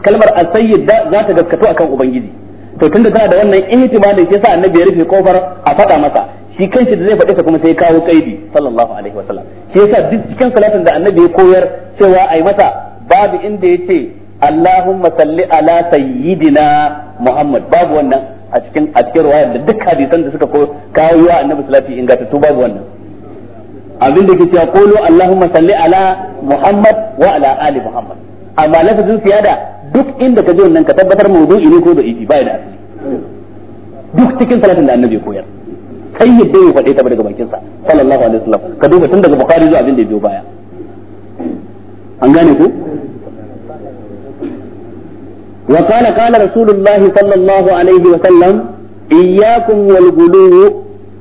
kalmar as-sayyid za ta gaskato akan ubangiji to tunda tana da wannan ihtimalin sai sa annabi ya rufe kofar a faɗa masa shi kanshi da zai faɗi ta kuma sai kawo kaidi sallallahu alaihi wasallam shi yasa duk cikin salatin da annabi ya koyar cewa ai masa babu inda yace Allahumma salli ala sayyidina Muhammad babu wannan a cikin a cikin riwayar da duk hadisan da suka kawo wa annabi salati ingantattu babu wannan abin da ke cewa Allahumma salli ala Muhammad wa ala ali Muhammad amma lafazin siyada duk inda ka ji wannan ka tabbatar mawdu'i ne ko da ifi bai da asali duk cikin salatin da annabi koyar kai yadda ya faɗe ta daga bakin sa sallallahu alaihi wasallam ka duba tun daga bukhari zuwa abin da ya biyo baya an gane ku وقال قال رسول الله صلى الله عليه وسلم إياكم والغلو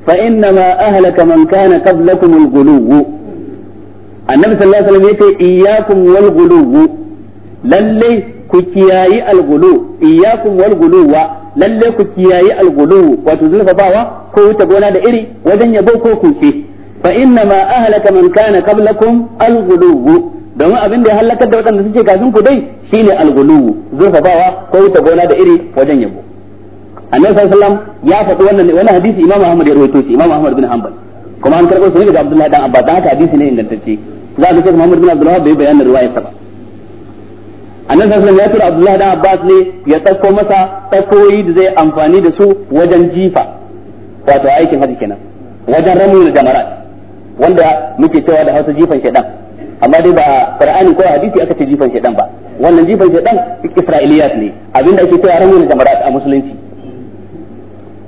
فإنما أهلك من كان قبلكم الغلو النبي صلى الله عليه وسلم يقول إياكم والغلو للي كتياي الغلو إياكم والغلو للي كتياي الغلو وتزل فباوة كو تقول هذا gona وذن يبوكو wajen yabo ko kuce fa inna domin abin da ya halakar da waɗanda suke kafin ku dai shine alghulu zurfafawa ko wuce gona da iri wajen yabo annabi sallallahu ya faɗi wannan wannan hadisi imam ahmad ya rawaito shi imam ahmad bin hanbal kuma an karɓo shi daga abdullahi dan abbas dan haka hadisi ne ingantacce za a ka ce muhammad bin abdullahi bai bayyana riwayar sa ba annabi sallallahu ya tura abdullahi dan abbas ne ya tsakko masa tsakoyi da zai amfani da su wajen jifa wato aikin hajji kenan wajen ramu da jamarat wanda muke cewa da hausa jifan shedan amma dai ba qur'ani ko hadisi aka ce jifan shaydan ba wannan jifan shaydan isra'iliyat ne abinda ake cewa ranar da marat a musulunci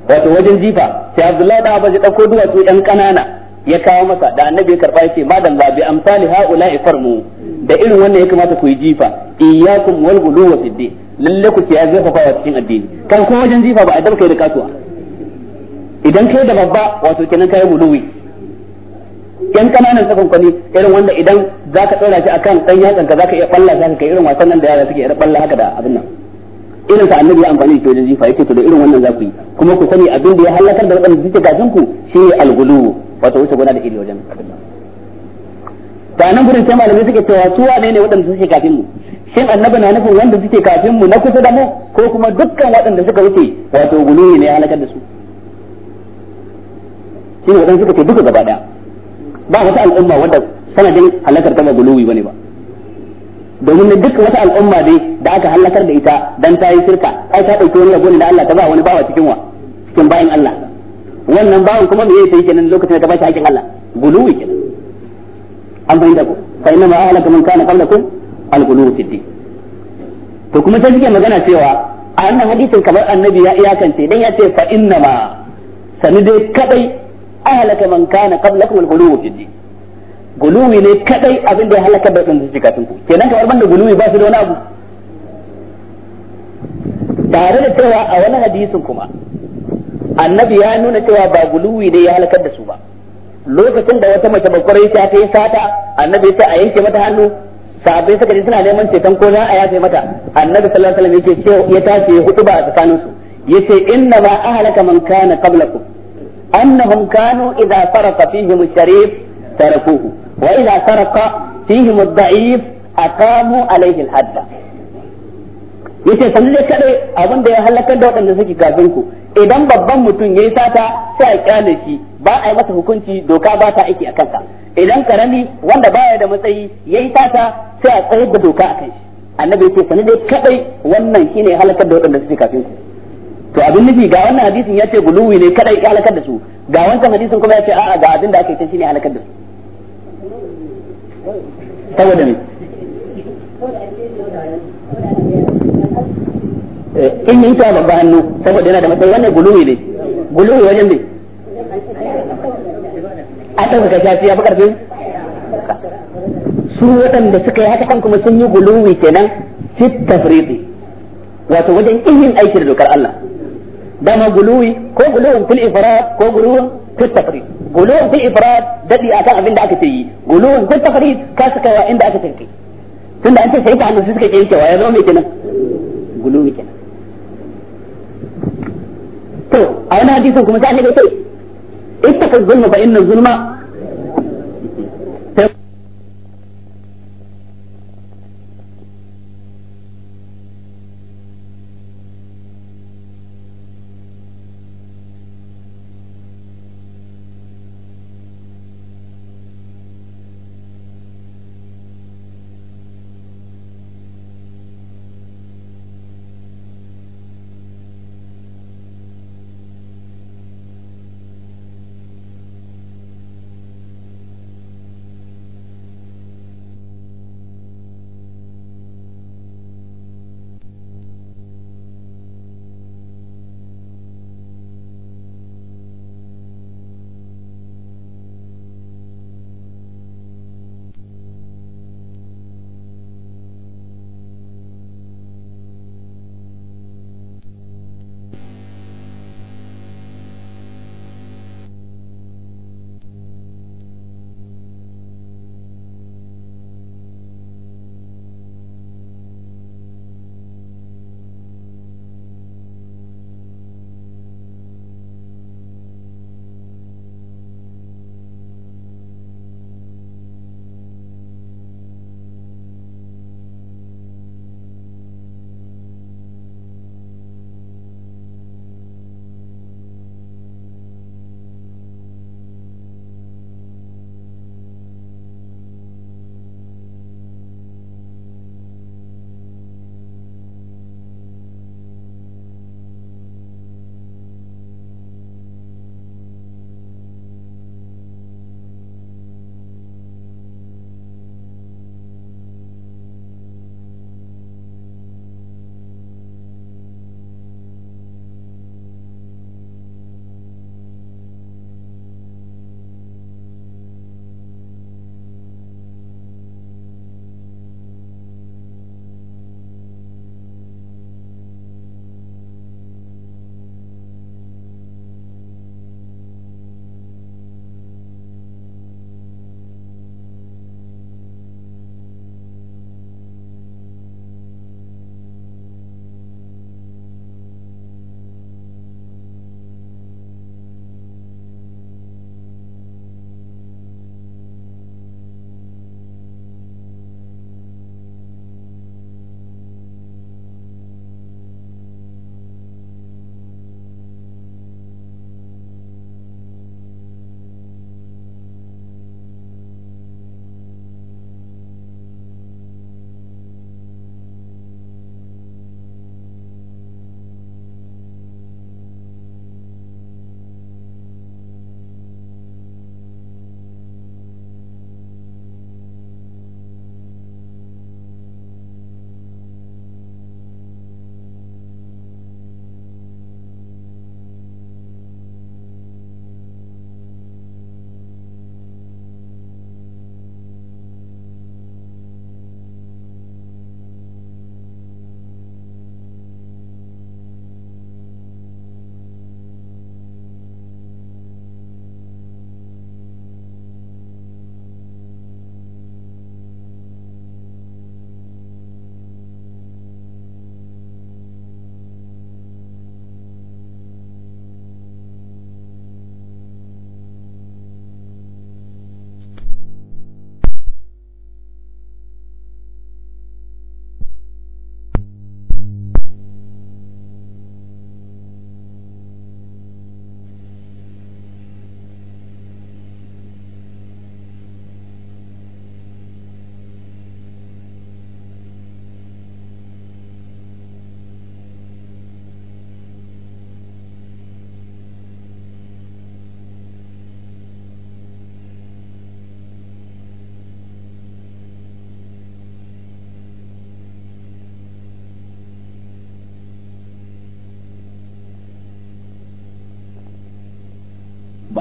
wato wajen jifa sai abdullahi da abaji dauko duwatsu yan kanana ya kawo masa da annabi ya karba yace ba bi amsali haula'i farmu da irin wannan ya kamata ku yi jifa iyyakum wal guluwa fid din lalle ku kiyaye zafafawa cikin addini kan ko wajen jifa ba a dabkai da kasuwa idan kai da babba wato kenan kai guluwi yan kananan sakon kwani irin wanda idan ka tsora shi akan dan yatsan ka ka iya balla shi kai irin wasan nan da yara suke irin balla haka da abin nan irin sa annabi ya amfani da tojin jifa yake to da irin wannan ku yi kuma ku sani abin da ya halakar da wadannan jita kafin ku shine algulu wato wuce gona da iri wajen da nan gurin sai malamai suke cewa su wane ne waɗanda suke kafin mu shin annabi na nufin wanda suke kafin mu na kusa da mu ko kuma dukkan waɗanda suka wuce wato gulu ne ya halakar da su shine wadanda suka ce duka gaba daya ba wata al'umma wadda sanadin halakar ta ba guluwi bane ba domin duk wata al'umma dai da aka halakar da ita dan ta yi shirka ai ta dauki wani rabo ne da Allah ta ba wani bawa cikin wa cikin bayin Allah wannan bawan kuma me yake kenan lokacin da ta bashi hakkin Allah guluwi kenan an fahimta ko fa inna ma ahlaka man kana qablakum al-guluwi fi to kuma sai suke magana cewa a wannan hadisin kamar annabi ya iyakance dan ya ce fa inna ma sani dai kadai ahlaka man kana qablakum al-ghuluw fi din guluwi ne kadai abin da ya halaka da kan zikatun ku kenan kamar banda guluwi ba su da wani abu tare da cewa a wani hadisin kuma annabi ya nuna cewa ba guluwi ne ya halakar da su ba lokacin da wata mace bakwarai ta ta yi sata annabi ta ce a yanke mata hannu sabai suka ji suna neman ceton ko za a yafe mata annabi sallallahu alaihi wasallam yake cewa ya tace hudu ba a tsakanin su yace inna ma ahlaka man kana qablakum أنهم كانوا إذا سرق فيهم الشريف تركوه وإذا سرق فيهم الضعيف أقاموا عليه الحد yace sanin da kadai abin da ya halakar da waɗanda suke kafin ku idan babban mutum yayi sata sai a kyale shi ba a yi masa hukunci doka ba ta aiki a kansa idan karami wanda baya da matsayi yayi sata sai a tsayar da doka a kai shi annabi yace sanin da kadai wannan shine halakar da waɗanda suke kafin ku to abin nufi ga wannan hadisin ya ce guluwi ne kada ya halakar da su ga wancan hadisin kuma ya ce a'a ga abin da ake ta shine halakar da su saboda ne eh, in yi ta babba hannu saboda yana da matsayi wannan guluwi ne guluwi wajen ne a ɗaukaka shafi ya fi karfi su waɗanda suka yi haka kan kuma sun yi guluwi kenan fit tafriqi wato wajen yin aiki da dokar Allah dama guluwi ko guluwin fil ifrad ko guluwin fil tafrid guluwin fil ifrad dadi akan abin da aka ce yi guluwin fil tafrid ka saka wa inda aka tanke tunda an ce sai ka hannu su suka ce ya zama mai kenan guluwi kenan to a wani hadisin kuma sai aka ce ittaqul zulma fa inna zulma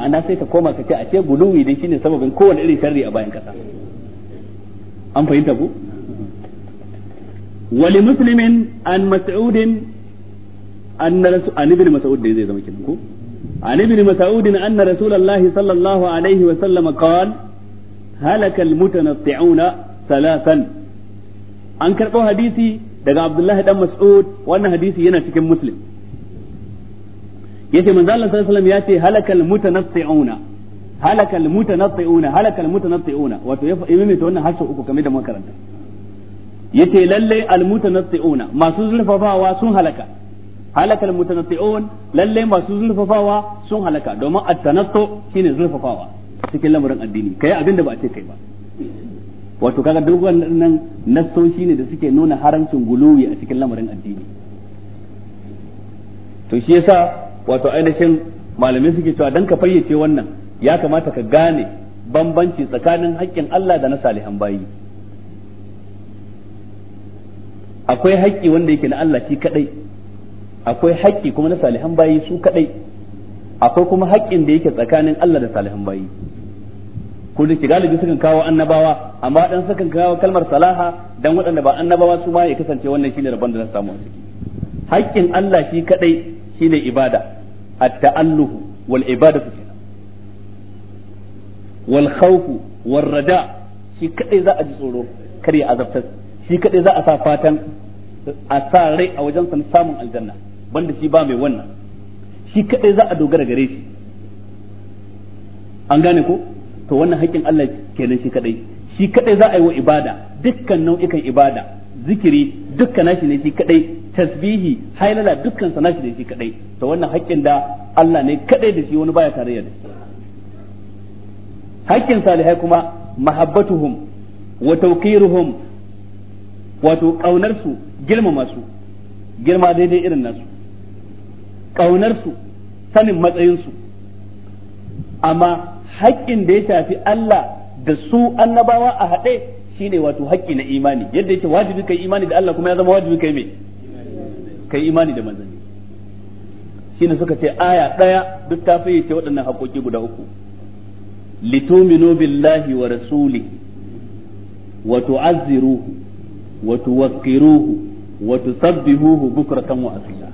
ma'ana sai ta koma ka ce ashe guluwi dai shine sababin kowane irin sharri a bayan kasa an fahimta ku wali muslimin an mas'udin an rasu an ibn mas'ud dai zai zama kin ku an ibn mas'ud anna rasulullah sallallahu alaihi wa sallam qala halaka al-mutanatti'una thalathan an karbo hadisi daga abdullahi dan mas'ud wannan hadisi yana cikin muslim yace manzo Allah sallallahu alaihi wasallam yace halakal mutanatti'una halakal mutanatti'una halakal mutanatti'una wato ya ta wannan harshe uku kamar da karanta yace lalle al mutanatti'una masu zulfafawa sun halaka halakal mutanatti'un lalle masu zulfafawa sun halaka domin at-tanaffu shine zulfafawa cikin lamarin addini kai abinda ba a ce kai ba wato kaga duk wannan nassoshi ne da suke nuna harancin guluwi a cikin lamarin addini to shi yasa wato ainihin malamai suke cewa dan ka fayyace wannan ya kamata ka gane bambanci tsakanin haƙƙin Allah da na salihan bayi akwai haƙƙi wanda yake na Allah shi kadai akwai haƙƙi kuma na salihan bayi su kadai akwai kuma haƙƙin da yake tsakanin Allah da salihan bayi ko da ke galibi sukan kawo annabawa amma dan sukan kawo kalmar salaha dan waɗanda ba annabawa su ma ya kasance wannan shine rabon da na samu a ciki haƙƙin Allah shi kadai shine ibada at-ta'alluhu wal ibadatu wal khawfu war rada shi kadai za a ji tsoro kar ya azabtar shi kadai za a sa fatan a sa rai a wajen san samun aljanna banda shi ba mai wannan shi kadai za a dogara gare shi an gane ko to wannan haƙƙin Allah kenan shi kadai shi kadai za a yi wa ibada dukkan nau'ikan ibada zikiri dukkan shi ne shi kadai tasbihi hailala dukkan sana shi da shi kadai to wannan haƙƙin da Allah ne kadai da shi wani baya tarayya da haƙƙin salihai kuma mahabbatuhum wa tawqiruhum wato kaunar su girmama su girma daidai irin nasu kaunar su sanin matsayin su amma haƙƙin da ya shafi Allah da su annabawa a haɗe shine wato haƙƙi na imani yadda yake wajibi kai imani da Allah kuma ya zama wajibi kai mai kai imani da manzanni shine suka ce aya daya duk ta ce waɗannan haƙoƙi guda uku lituminu billahi wa rasuli wa tu'azziruhu wa tuwaqqiruhu wa tusabbihuhu bukratan wa asila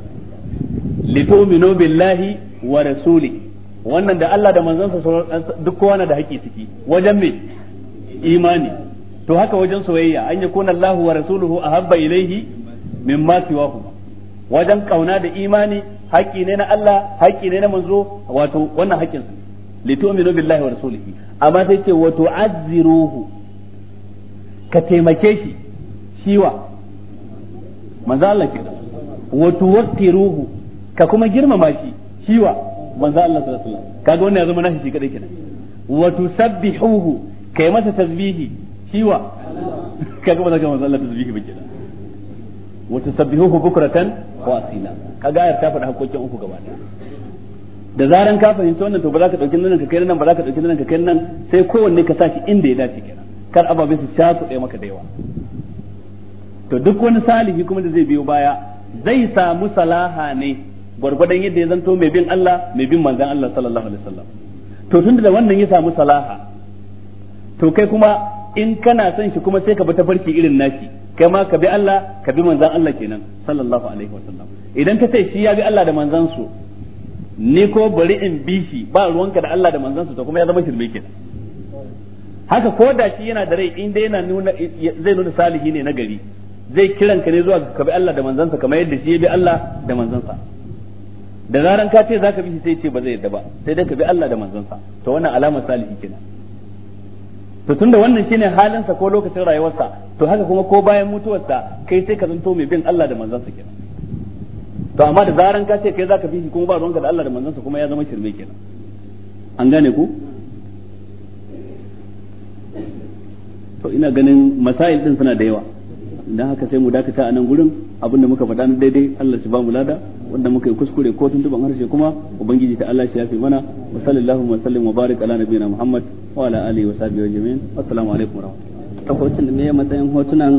lituminu billahi wa rasuli wannan da Allah da sa duk kowa na da haƙi ciki wajen me imani to haka wajen soyayya an yakuna Allahu wa rasuluhu ahabba ilayhi mimma siwahuma wajen kauna da imani haƙƙi ne na Allah haƙƙi ne na manzo wato wannan haƙƙin su li tu'minu billahi wa rasulihi amma sai ce wa tu'azziruhu ka taimake shi shiwa manzo Allah ke wa ka kuma girmama shi shiwa manzo Allah sallallahu alaihi wasallam kaga wannan kadai kenan wa tusabbihuhu kai masa tasbihi shiwa <laughs> kaga ba za ka manzo Allah tasbihi ba kenan wa bukratan wa asila kaga ayar ta faɗi hakokin uku gaba ɗaya da zaran ka fahimci wannan to ba za ka dauki nan ka kai nan ba za ka dauki nan ka kai nan sai kowanne ka sashi inda ya dace kenan kar ababe su su ɗaya maka da yawa to duk wani salihi kuma da zai biyo baya zai samu salaha ne gwargwadon yadda ya zanto mai bin Allah mai bin manzon Allah sallallahu alaihi wasallam to tunda da wannan ya samu salaha to kai kuma in kana son shi kuma sai ka bi barki irin nashi kai ma ka bi Allah ka bi manzan Allah kenan sallallahu alaihi wasallam idan ka ce shi ya bi Allah da manzan su ni ko bari in bi shi ba ruwanka da Allah da manzan su to kuma ya zama shirme kenan haka ko da shi yana da rai in dai yana nuna zai nuna salihi ne na gari zai kiran ka ne zuwa ka bi Allah da manzansa kamar yadda shi ya bi Allah da manzansa da zaran ka ce zaka bi shi sai ce ba zai yarda ba sai dai ka bi Allah da manzansa to wannan alamar salihi kenan to tunda wannan shine halinsa ko lokacin rayuwarsa to haka kuma ko bayan mutuwarsa kai sai ka zanto mai bin Allah da manzansa kenan to amma da zaran ka ce kai zaka bi shi kuma ba ruwanka da Allah da manzansa kuma ya zama shirme kenan an gane ku to ina ganin masail din suna da yawa dan haka sai mu dakata a nan gurin abinda muka faɗa na daidai Allah shi ba mu lada wanda muka yi kuskure ko tuntuban harshe kuma ubangiji ta Allah shi yafi mana wa alaihi wa sallam wa barik ala nabiyina muhammad wa ala alihi wa sahbihi ajma'in assalamu alaikum wa rahmatullahi ta hotun da me matsayin hotunan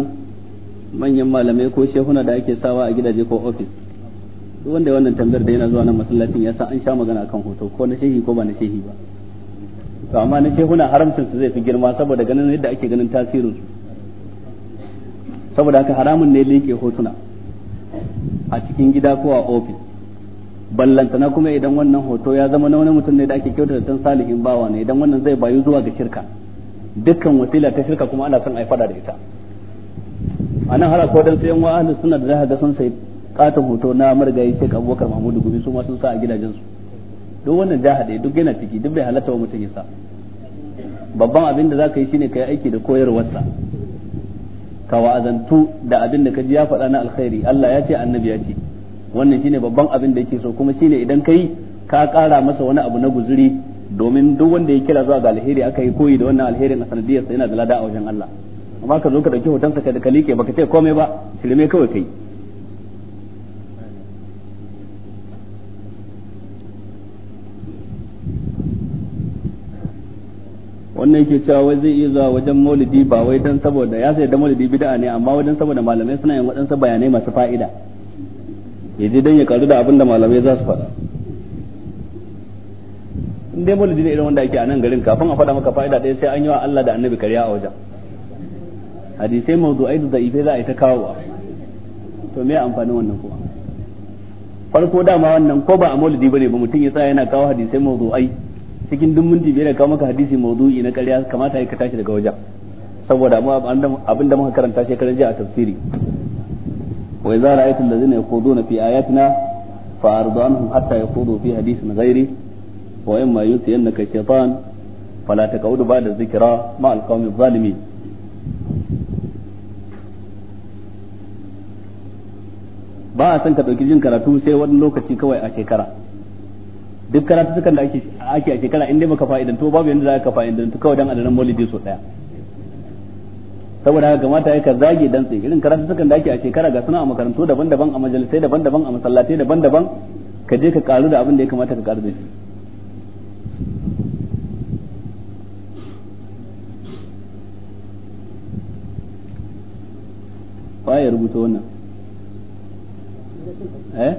manyan malamai ko shehuna da ake sawa a gidaje ko ofis duk wanda wannan tambayar da yana zuwa nan masallacin ya sa an sha magana akan hoto ko na shehi ko ba na shehi ba to amma na shehuna haramcin su zai fi girma saboda ganin yadda ake ganin tasirin su saboda haka haramun ne leke hotuna a cikin gida ko a ofis ballantana kuma idan wannan hoto ya zama na wani mutum ne da ake kyautata da salihin bawa ne idan wannan zai bayu zuwa ga shirka dukkan wasila ta shirka kuma ana son a yi fada da ita a nan hala ko dan sayan wa ahlus sunna da zaka ga sun sai katon hoto na marigayi Sheikh Abubakar Mahmudu Gumi su ma sun sa a gidajen su duk wannan jahade duk yana ciki duk bai halatta wa mutum ya sa babban abin da zaka yi shine yi aiki da koyarwarsa ka wa'azantu da abin da ka ji ya faɗa na alkhairi Allah ya ce annabi ya ce wannan shine babban abin da yake so kuma shine idan kai ka kara masa wani abu na guzuri domin duk wanda ya kira zuwa ga alheri aka yi koyi da wannan alherin a sanadiyarsa yana da lada a wajen Allah amma ka zo ka dauki hotonsa ka da ka like baka ce komai ba shirme kawai kai wannan yake cewa wai zai iya zuwa wajen maulidi ba wai dan saboda ya sai da maulidi bid'a ne amma wajen saboda malamai suna yin waɗansu bayanai masu fa'ida ya je dan ya karu da abin da malamai za su faɗa in dai maulidi ne irin wanda ake a nan garin kafin a faɗa maka fa'ida ɗaya sai an yi wa Allah da annabi karya a wajen hadisai mawdu'ai da ife za a yi ta kawo to me amfanin wannan kuwa farko dama wannan ko ba a maulidi ne ba mutum ya tsaya yana kawo hadisai ai cikin duk minti biyar da kawo maka hadisi mawdu'i na karya kamata ya ka tashi daga wajen saboda abin da muka karanta shekaran jiya a tafsiri وإذا رأيت الذين يخوضون في fi ayatina عنهم حتى يخوضوا في fi hadithin وإما wa imma yutiyannaka shaytan fala taq'ud ba'da dhikra ma al ba a san ka dauki jin karatu sai wani lokaci kawai a shekara duk karatu sukan da ake a shekara inda dai baka fa'idanto babu yadda za ka fa'idanto kawai dan adanan maulidi so daya saboda haka kamata ya ka zage dan tsaye irin karatu sukan dake a shekara ga suna a makarantu daban-daban a majalisai daban-daban a masallatai daban-daban ka je ka karu da abin da ya kamata ka karu da shi ba ya rubuta wannan eh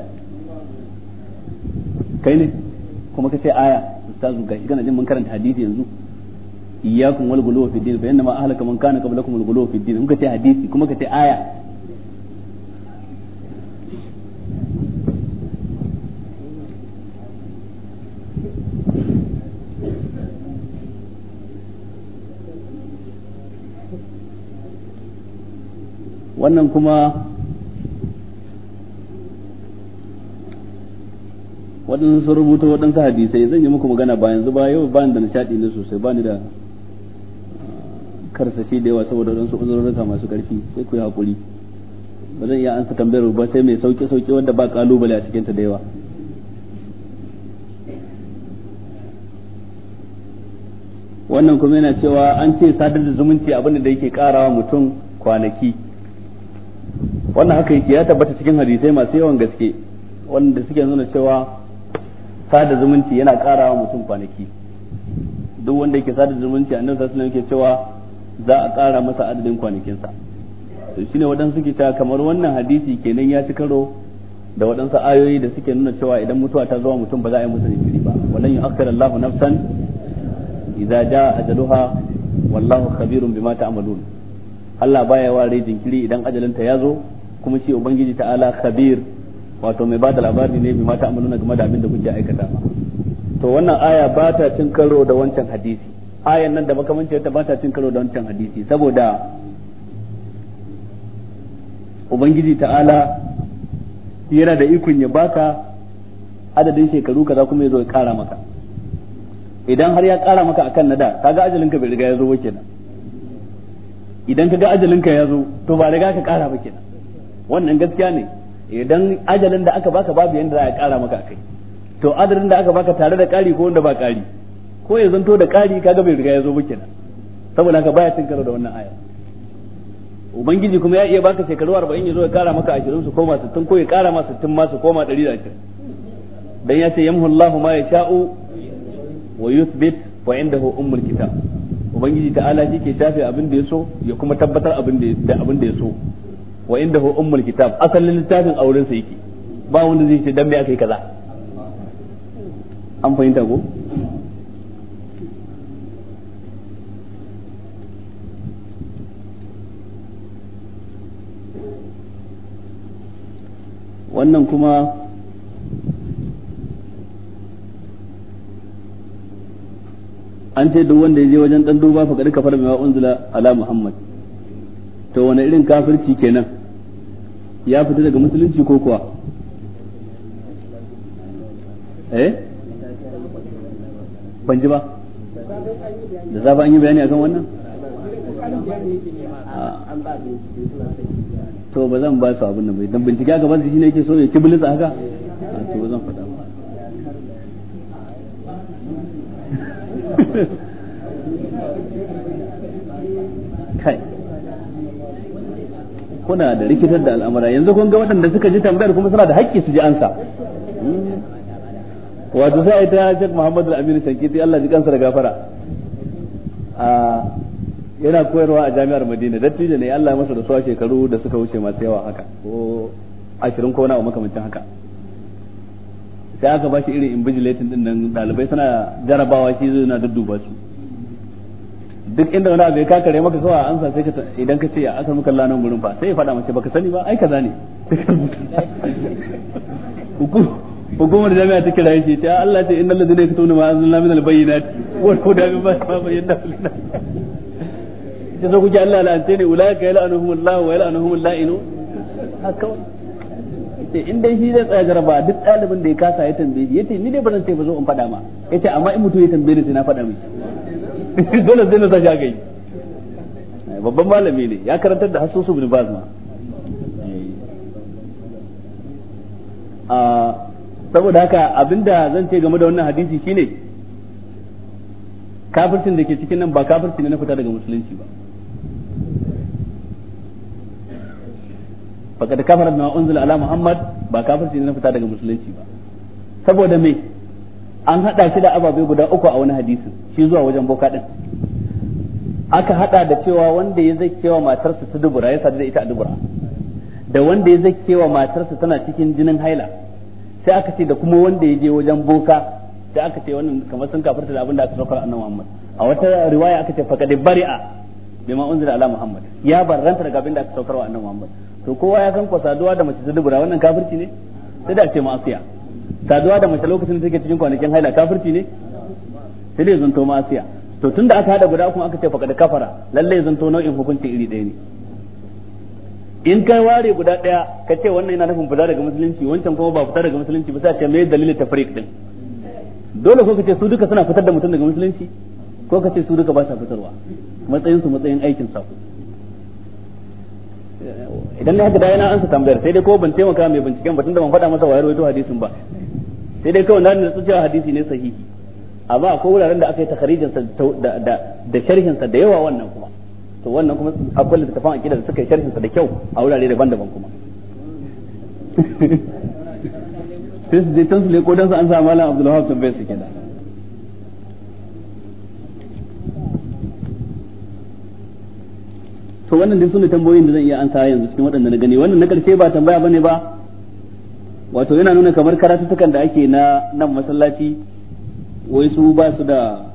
kai ne kuma ka ce aya ustazu gashi kana jin mun karanta hadisi yanzu iyyakum wal ghuluw fi din fa inna ma ahlaka man kana qablakum al ghuluw fi din muka ce hadisi kuma ka ce aya wannan kuma waɗansu rubuta waɗansu hadisai zan yi muku magana bayan zuba yau bayan da nishaɗi ne sosai ba ni da karsashe da yawa saboda wadansu uzurruka masu karfi sai ku yi hakuri ba zan iya ansa tambayar ba sai mai sauki sauki wanda ba kalubale a cikin ta da yawa wannan kuma yana cewa an ce sadar da zumunci abin da yake karawa mutum kwanaki wannan haka yake ya tabbata cikin hadisai masu yawan gaske wanda suke nuna cewa sada zumunci yana karawa mutum kwanaki duk wanda yake sada zumunci annabi sallallahu alaihi wasallam yake cewa za a ƙara masa adadin kwanakinsa to shine waɗansu suke ta kamar wannan hadisi kenan ya ci karo da waɗansu ayoyi da suke nuna cewa idan mutuwa ta zuwa mutum ba za a yi masa jinkiri ba walan akhira Allahu nafsan idza jaa ajaluha wallahu khabirun bima ta'malun Allah baya ware jinkiri idan ajalinta ya zo kuma shi ubangiji ta'ala khabir wato mai bada labari ne bima ta'maluna game da abin da kuke aikata to wannan aya ba ta cin karo da wancan hadisi ayan nan da makamancin ta ba ta cin karo da wancan hadisi saboda ubangiji ta'ala yana da ikon ya baka adadin shekaru kaza kuma ya zo ya kara maka idan har ya kara maka akan na da kaga ajalinka bai riga ya zo ba kenan idan kaga ajalinka ya zo to ba riga ka kara ba kenan wannan gaskiya ne idan ajalin da aka baka babu yanda za a kara maka akai to adadin da aka baka tare da kari ko wanda ba kari ko ya zanto da ƙari kaga bai riga ya zo ba saboda haka baya cin karo da wannan aya ubangiji kuma ya iya baka shekaru 40 ya zo ya kara maka 20 su koma 60 ko ya kara ma 60 ma su koma 120 dan ya ce yamhu Allahu ma yasha'u wa yuthbit wa indahu ummul kitab ubangiji ta'ala shi ke shafe abin da ya so ya kuma tabbatar abin da abin da ya so wa indahu ummul kitab asalin littafin auren sa yake ba wanda zai ce dan me aka yi kaza an fahimta ko wannan kuma an ce duk wanda ya je wajen dan duba fa ka fara mai unzila ala muhammad to wani irin kafirci kenan ya fita daga musulunci ko kuwa eh ban ji ba da zafi an yi bayani akan wannan to ba zan ba su abin nan bai dan bincike aka ba shi ne yake so ya ci bilis haka to ba zan faɗa ba <laughs> kai kuna da rikitar da al'amura yanzu kun ga waɗanda suka ji tambayar kuma suna da haƙƙi su ji ansa hmm. wato sai ta Sheikh Muhammad Al-Amin Shankiti Allah ji kansa da gafara a ah, yana koyarwa a jami'ar madina dattijo ne Allah masa suwa shekaru da suka wuce masu yawa haka ko ashirin ko wani makamancin haka sai aka ba shi irin invigilating din nan dalibai suna jarabawa shi zai na dudduba su duk inda wani abu ya kakare maka kawai an ansa sai ka idan ka ce a asar muka lanan gurin fa sai ya faɗa mace baka sani ba ai ka zane hukumar jami'a ta kira yake ta Allah ce innal ladina yaktumuna ma anzalna minal bayyinati wa hudan ma bayyana sai kuke Allah la'ante ne ulaika Allah wa yal'anuhumul la'inu haka ce in dai shi zai tsaya jaraba duk ɗalibin da ya kasa ya tambaye shi yace ni dai ban ce ba zo in faɗa ma yace amma in mutum ya tambaye ni sai na faɗa mai <laughs> dole sai na sa shi eh, babban malami ne ya karantar da hasusu bin baz ma eh. a ah, saboda haka abinda zan ce game da wannan hadisi shine kafircin da ke cikin nan ba kafirci ne na fita daga musulunci ba da kafara bima unzila ala muhammad ba kafirci ne na fita daga musulunci ba saboda me an hada shi da ababe guda uku a wani hadisi shi zuwa wajen boka din aka hada da cewa wanda ya zakkewa matarsa ta dubura ya sadu da ita a dubura da wanda ya zakkewa matarsa tana cikin jinin haila sai aka ce da kuma wanda ya je wajen boka sai aka ce wannan kamar sun kafirta da abin da aka saukar annabi Muhammad a wata riwaya aka ce faqad bari'a bima unzila ala Muhammad ya barranta daga abin da aka saukar wa annabi Muhammad to kowa ya san ko saduwa da mace ta dubura wannan kafirci ne sai da ce ma'asiya saduwa da mace lokacin da take cikin kwanakin haila kafirci ne sai dai zanto ma'asiya to tunda aka hada guda kuma aka ce faqad kafara lalle zanto nau'in hukunci iri ɗaya ne in kai ware guda ɗaya ka ce wannan yana nufin fita daga musulunci wancan kuma ba fita daga musulunci ba sai ce me dalilin tafriq din dole ko ka ce su duka suna fitar da mutum daga musulunci ko ka ce su duka ba sa fitarwa matsayin su matsayin aikin sako idan na haka da yana ansa tambayar sai dai ko ban taimaka mai binciken ba da ban faɗa masa wayar wato hadisin ba sai dai kawai na nutsu cewa hadisi ne sahihi amma akwai wuraren da aka yi takarijin sa da da da sharhin sa da yawa wannan kuma to wannan kuma akwai littafin akida da suka yi sharhin sa da kyau a wurare daban-daban kuma <laughs> sai su je tun su ne ko dan su an sa malam Abdulwahab bai su kenan to wannan dai sune tambayoyin da zan iya ansa yanzu cikin waɗanda na gani wannan na karshe ba tambaya bane ba wato yana nuna kamar karatutukan da ake na nan masallaci wai su ba su da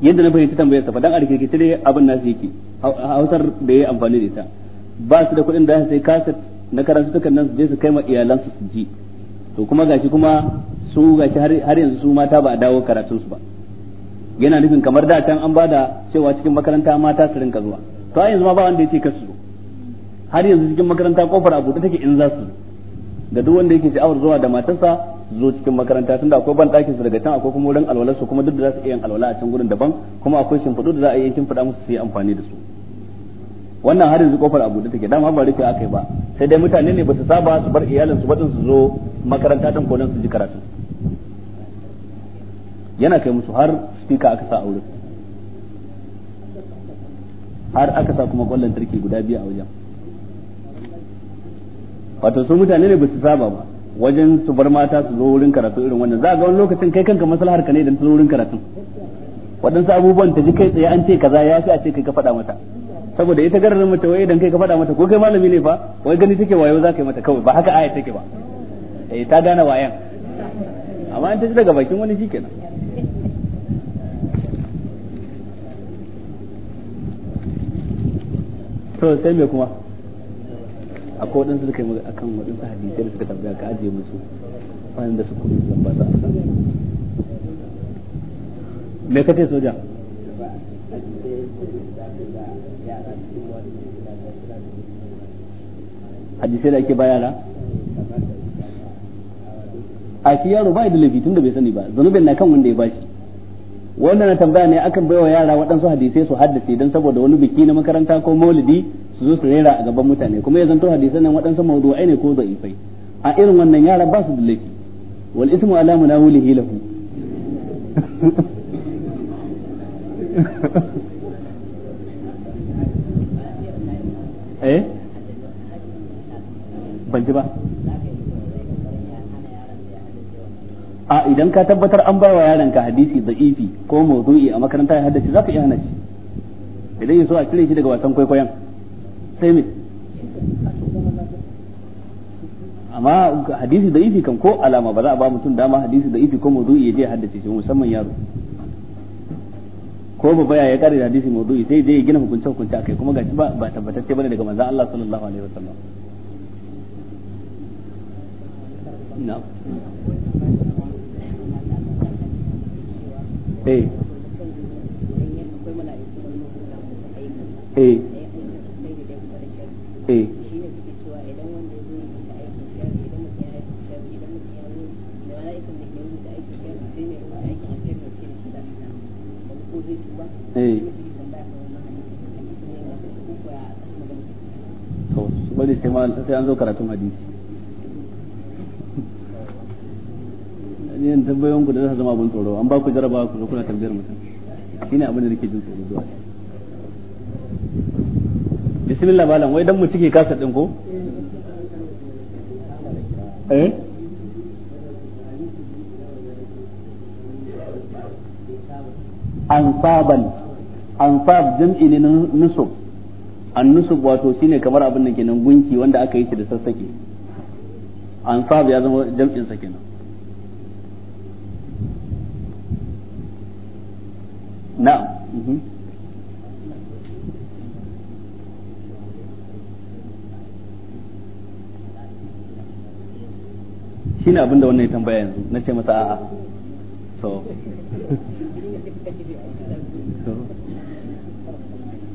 yadda na fahimci tambayar sa dan a rikirkice dai abin nasu yake hausar da ya amfani da ita ba su da kuɗin da sai kaset na karatutukan nan su je su kai ma iyalansu su ji to kuma gashi kuma su gashi har yanzu su mata ba a dawo karatun su ba yana nufin kamar da can an bada cewa cikin makaranta mata su rinka zuwa to a yanzu ma ba wanda ya ce kasu har yanzu cikin makaranta kofar a buɗe take in za su da duk wanda yake sha'awar zuwa da matarsa zo cikin makaranta tunda akwai ban ɗakin su daga can akwai kuma wurin alwala su kuma duk da za su iya yin alwala a can gurin daban kuma akwai shimfiɗu da za a iya shimfiɗa musu su yi amfani da su wannan har yanzu kofar a buɗe take dama ba rufe akai ba sai dai mutane ne ba su saba su bar iyalin su baɗin su zo makaranta ɗin ko nan su ji karatu yana kai musu har spika aka sa a wurin har aka sa kuma kwallon lantarki guda biyu a wajen wato su mutane ne ba su saba ba wajen su bar mata su zo wurin karatu irin wannan za a ga wani lokacin kai kanka maslahar ka ne idan ta zo wurin karatun waɗansu abubuwan ta ji kai tsaye an ce kaza ya fi a ce kai ka faɗa mata saboda ita garin mace wai idan kai ka faɗa mata ko kai malami ne fa wai gani take wayo za ka yi mata kawai ba haka aya take ba eh ta gane wayan amma an ta ji daga bakin wani shikenan to sai me kuma akwai waɗansu suka yi akan waɗansu hadisai da suka tambaya ka ajiye musu bayan da su kuma zan ba su amsa me kace soja hadisai da ake ba yara a shi yaro ba da laifi tun da bai sani ba zanubin na kan wanda ya bashi wannan tambaya ne akan baiwa yara waɗansu hadisai su haddace don saboda wani biki na makaranta ko maulidi su zo su rera a gaban mutane kuma ya zanto hadisan nan waɗansu mawdu'ai ne ko da'ifai a irin wannan yara ba su da laifi wal ismu ala munawilihi lahu <laughs> eh ban ji ba a idan ka tabbatar an bai wa yaron ka hadisi da'ifi ko mawdu'i a makaranta ya haddace ka iya hana shi idan yaso a cire shi daga wasan kwaikwayon sai me amma hadisi da'ifi kan ko alama ba za a ba mutum dama hadisi da'ifi ko mawdu'i ya je haddace shi musamman yaro ko baya ya kare da hadisi mawdu'i sai dai ya gina hukunce hukunce akai kuma gashi ba ba tabbatacce bane daga manzon Allah sallallahu alaihi wasallam na'am eh eh eh, eh. bari sai an zo karatun hadisi yin tambayoyin ku da za su zama abin tsoro an ba ku jaraba ku zo kuna tambayar mutum shine abin da nake jin tsoro zuwa bismillah malam wai dan mu cike kasa din ko eh ansaban ansab jam'i ne nusub an nusub wato shine kamar abin da kenan gunki wanda aka yi shi da sassake ansab ya zama jam'in sa kenan na'am mhm. shine abin da wannan ya tambaya yanzu na ce masa a'a so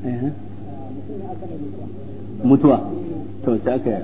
eh. mutuwa to sai aka yi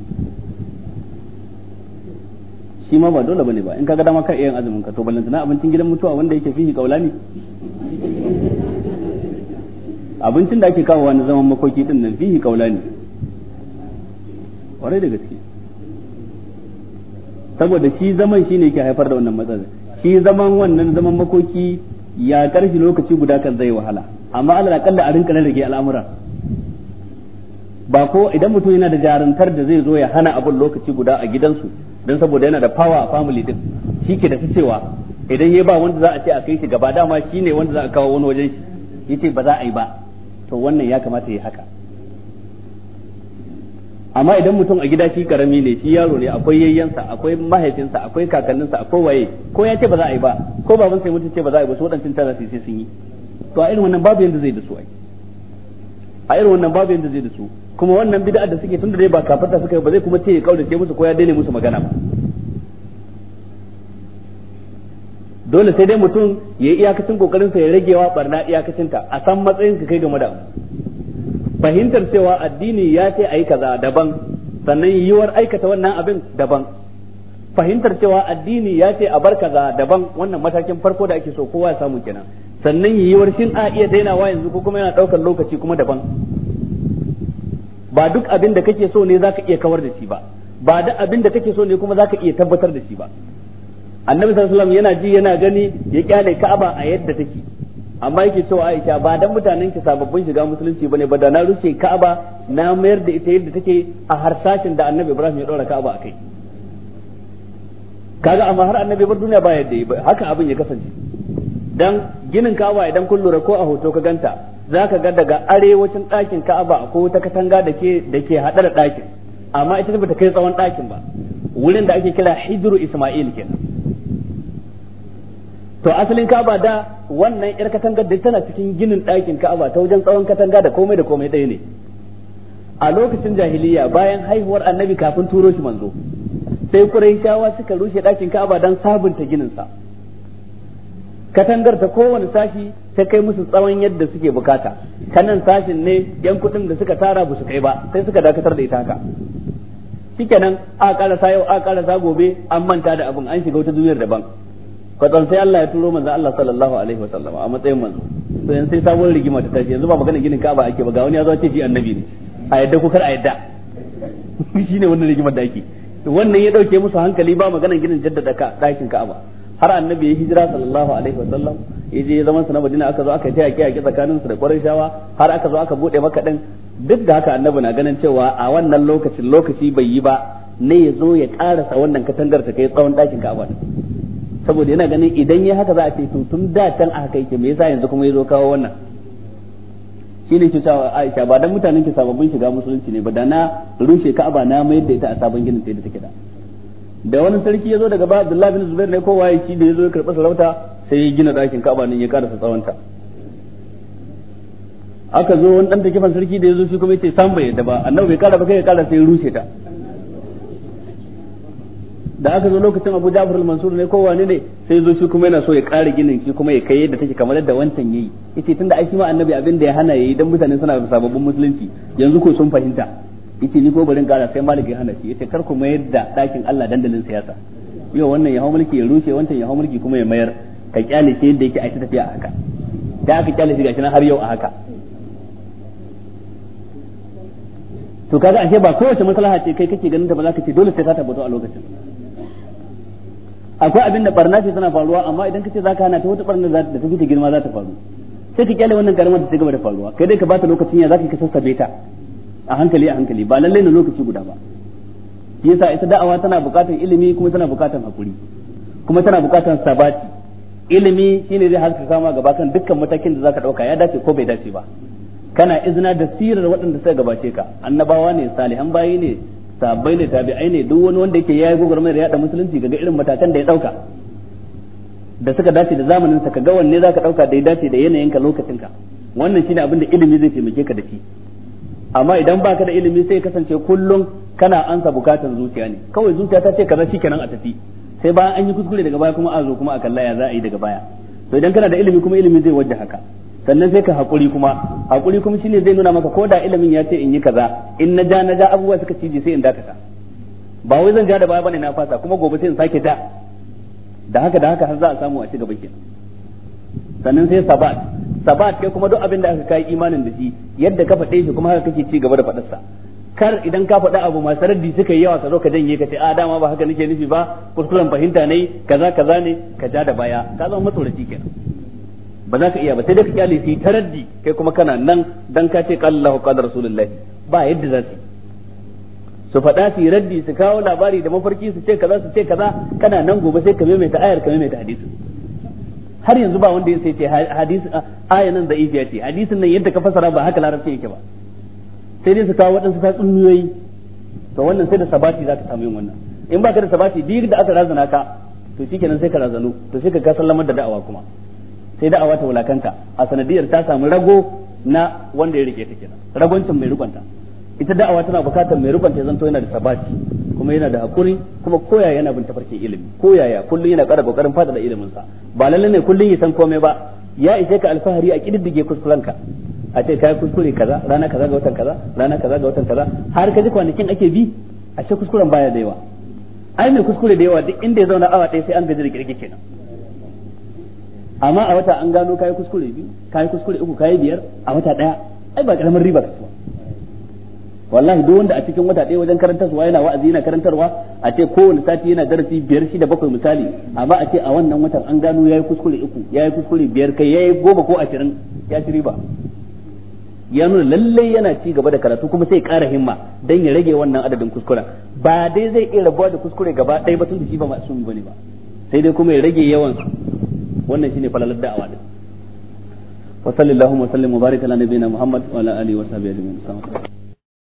shi ma ba dole bane ba in kaga dama kar iya yin azumin ka to tana abincin gidan mutuwa wanda yake fihi kaulani abincin da ake kawo wani zaman makoki din nan fihi kaulani kwarai da gaske saboda shi zaman shine yake haifar da wannan matsalar shi zaman wannan zaman makoki ya karshe lokaci guda kan zai wahala amma alal akalla a rinka rage al'amuran ba ko idan mutum yana da jarantar da zai zo ya hana abin lokaci guda a gidansu Don saboda yana da power a family din shi ke da su cewa idan ya ba wanda za a ce a kai shi gaba dama shi ne wanda za a kawo wani wajen shi ya ce ba za a yi ba to wannan ya kamata ya yi haka amma idan mutum a gida shi karami ne shi yaro ne akwai yayyansa akwai mahaifinsa akwai kakanninsa akwai waye ko ya ce ba za a yi ba ko baban sai mutum ce ba za a yi ba su waɗancan tara sai sun yi to a irin wannan babu yadda zai da su ai a irin wannan babu yadda zai da su kuma wannan bid'a da suke tunda dai ba kafarta suka ba zai kuma ce ya kaurace musu ko ya daina musu magana ba dole sai dai mutum ya yi iyakacin kokarin sa ya wa barna iyakacin ta a san matsayin ka kai game da fahimtar cewa addini ya ce ayi kaza daban sannan yiwuwar aikata wannan abin daban fahimtar cewa addini ya ce a bar kaza daban wannan matakin farko da ake so kowa ya samu kenan sannan yiwuwar shin a iya dainawa yanzu ko kuma yana daukar lokaci kuma daban ba duk abin da kake so ne zaka iya kawar da shi ba ba duk abin da kake so ne kuma zaka iya tabbatar da shi ba annabi sallallahu alaihi yana ji yana gani ya kyale ka'aba a yadda take amma yake cewa Aisha ba dan mutanen ki sababbin shiga musulunci bane ba da na rushe Ka'aba na mayar da ita yadda take a harsashin da Annabi Ibrahim ya daura Ka'aba akai kaga amma har Annabi bar duniya ba yadda yi haka abin ya kasance dan ginin Ka'aba idan kun lura ko a hoto ka ganta zaka ga daga arewacin ɗakin Ka'aba ko ta katanga da ke da ke hada da ɗakin amma ita bata kai tsawon ɗakin ba wurin da ake kira Hijru Isma'il kenan to asalin Ka'aba da wannan yar katangar da tana cikin ginin ɗakin Ka'aba ta wajen tsawon katanga da komai da komai ɗaya ne a lokacin jahiliya bayan haihuwar annabi kafin turo shi manzo sai Qurayshawa suka rushe ɗakin Ka'aba dan sabunta ginin sa katangar ta kowane sashi ta kai musu tsawon yadda suke bukata kanan sashin ne yan kudin da suka tara ba su kai ba sai suka dakatar da ita haka shikenan a karasa yau a karasa gobe an manta da abin an shiga wata duniyar daban kwatsan sai Allah ya turo manzo Allah sallallahu alaihi wasallam a matsayin manzo to yanzu sai sabon rigima ta tashi yanzu ba magana ginin Ka'aba ake ba ga wani ya zo ce shi annabi ne a yadda ko kar a yadda <laughs> shine wannan rigimar da ake wannan ya dauke musu hankali ba magana ginin jaddada ka dakin Ka'aba har annabi ya hijira sallallahu alaihi sallam yaje ya zama sa na Madina aka zo aka ta yaki yaki tsakanin su da Qurayshawa har aka zo aka bude maka din duk da haka annabi na ganin cewa a wannan lokacin lokaci bai yi ba ne ya zo ya karasa wannan katangar ta kai tsawon dakin Ka'aba saboda yana ganin idan ya haka za a ce to tun da can a haka yake me yasa yanzu kuma ya zo kawo wannan shine ke cewa Aisha ba dan mutanen ki sababbin shiga musulunci ne ba da na rushe Ka'aba na mai da ita a sabon ginin sai da take da da wani sarki ya zo daga ba Abdullahi bin Zubair ne ko waye shi da ya zo ya karɓi sarauta sai ya gina ɗakin Ka'aba ne ya sa tsawonta aka zo wani ɗan takifan sarki da ya zo shi kuma yace san bai yadda ba annabi bai ƙara ba kai ya ƙara sai ya rushe ta da aka zo lokacin Abu Ja'far al-Mansur ne ko wane ne sai ya zo shi kuma yana so ya ƙara ginin shi kuma ya kai yadda take kamar yadda wancan yayi yace tunda ai shi ma annabi abin da ya hana yayi dan mutane suna sababbin musulunci yanzu ko sun fahimta yace ni ko barin gara sai malik ya hana shi yace kar ku mayar da dakin Allah dandalin siyasa yau wannan ya hawo mulki ya rushe wancan ya hawo mulki kuma ya mayar ka kyale shi yadda yake a tafiya a haka da aka kyale shi gashi nan har yau a haka to kaga ashe ba kowace maslaha ce kai kake ganin ta ba za ka ce dole sai ka tabbato a lokacin akwai abin da barna ce tana faruwa amma idan kace zaka hana ta wata barna da ta ta girma za ta faru sai ka kyale wannan karamar da ta gaba da faruwa kai dai ka bata lokacin ya zaka ka beta. a hankali a hankali ba lallai na lokaci guda ba yasa ita da'awa tana bukatar ilimi kuma tana bukatar hakuri kuma tana bukatar sabati ilimi shine zai haska kama gaba kan dukkan matakin da zaka dauka ya dace ko bai dace ba kana izina da sirar waɗanda suka gabace ka annabawa ne salihan bayi ne sabbai ne tabi'ai ne duk wani wanda yake yayi gogormayar yada musulunci ga irin matakan da ya dauka da suka dace da zamanin sa ka ga wanne zaka dauka da ya dace da yanayinka ka wannan shine abin da ilimi zai taimake ka da shi amma idan baka da ilimi sai kasance kullum kana ansa bukatan zuciya ne kawai zuciya ta ce kaza shikenan a tafi sai bayan an yi kuskure daga baya kuma a zo kuma a kalla ya za a yi daga baya to idan kana da ilimi kuma ilimi zai wajja haka sannan sai ka hakuri kuma hakuri kuma shine zai nuna maka ko da ilimin ya ce in yi kaza in na ja na ja abubuwa suka ciji sai in dakata ba wai zan ja da baya bane na fasa kuma gobe sai in sake ja da haka da haka har za a samu a ci gaba kenan sannan sai sabat sabat kai kuma duk abin da aka kai imanin da shi yadda ka faɗe shi kuma haka kake ci gaba da faɗarsa kar idan ka fada abu masu raddi suka yi yawa ka zo ka janye ka ce a dama ba haka nake nufi ba kuskuren fahimta ne kaza kaza ne ka ja da baya ka zama matsoraci kenan ba za ka iya ba sai dai ka kyale sai ta raddi kai kuma kana nan dan ka ce qallahu Allahu rasulullahi ba yadda za su su faɗa su raddi su kawo labari da mafarki su ce kaza su ce kaza kana nan gobe sai ka maimaita ayar ka maimaita hadisin har yanzu ba wanda ya sai ce hadisi ayanan da ifiya ce hadisin nan yadda ka fasara ba haka larabci yake ba sai dai su kawo waɗansu tatsuniyoyi to wannan sai da sabati za ka samu yin wannan in ba ka da sabati duk da aka razana ka to shikenan sai ka razanu to sai ka ga sallamar da da'awa kuma sai da'awa ta wulakanta a sanadiyar ta samu rago na wanda ya rike ta kenan ragoncin mai rikonta ita da'awa tana bukatar mai rubanta ya zanto yana da sabati kuma yana da hakuri kuma koya yana bin tafarkin ilimi koyaya kullum yana ƙara kokarin fada da ilimin sa ba lalle ne kullum ya san komai ba ya ishe ka alfahari a kididdige kuskurenka a ce kai kuskure kaza rana kaza ga watan kaza rana kaza ga watan kaza har ka ji kwanakin ake bi a ce kuskuren baya da yawa ai mai kuskure da yawa duk inda ya zauna awa ɗaya sai an gaji da kirki kenan amma a wata an gano kai kuskure biyu kai kuskure uku kai biyar a wata ɗaya ai ba karamin riba ka wallahi duk wanda a cikin wata ɗaya wajen karantarwa yana wa'azi yana karantarwa a ce kowane sati yana darasi biyar shida bakwai misali amma a ce a wannan watan an gano yayi kuskure uku yayi kuskure biyar kai yayi goma ko ashirin ya ci riba ya nuna lallai yana ci gaba da karatu kuma sai ƙara himma don ya rage wannan adadin kuskuren ba dai zai iya rabuwa da kuskure gaba ɗaya ba tun da shi ba ma'asumi bane ba sai dai kuma ya rage yawan su wannan shine falalar da'awa din wa sallallahu wa sallam mubarak ala nabiyina muhammad wa ala alihi wa sahbihi ajma'in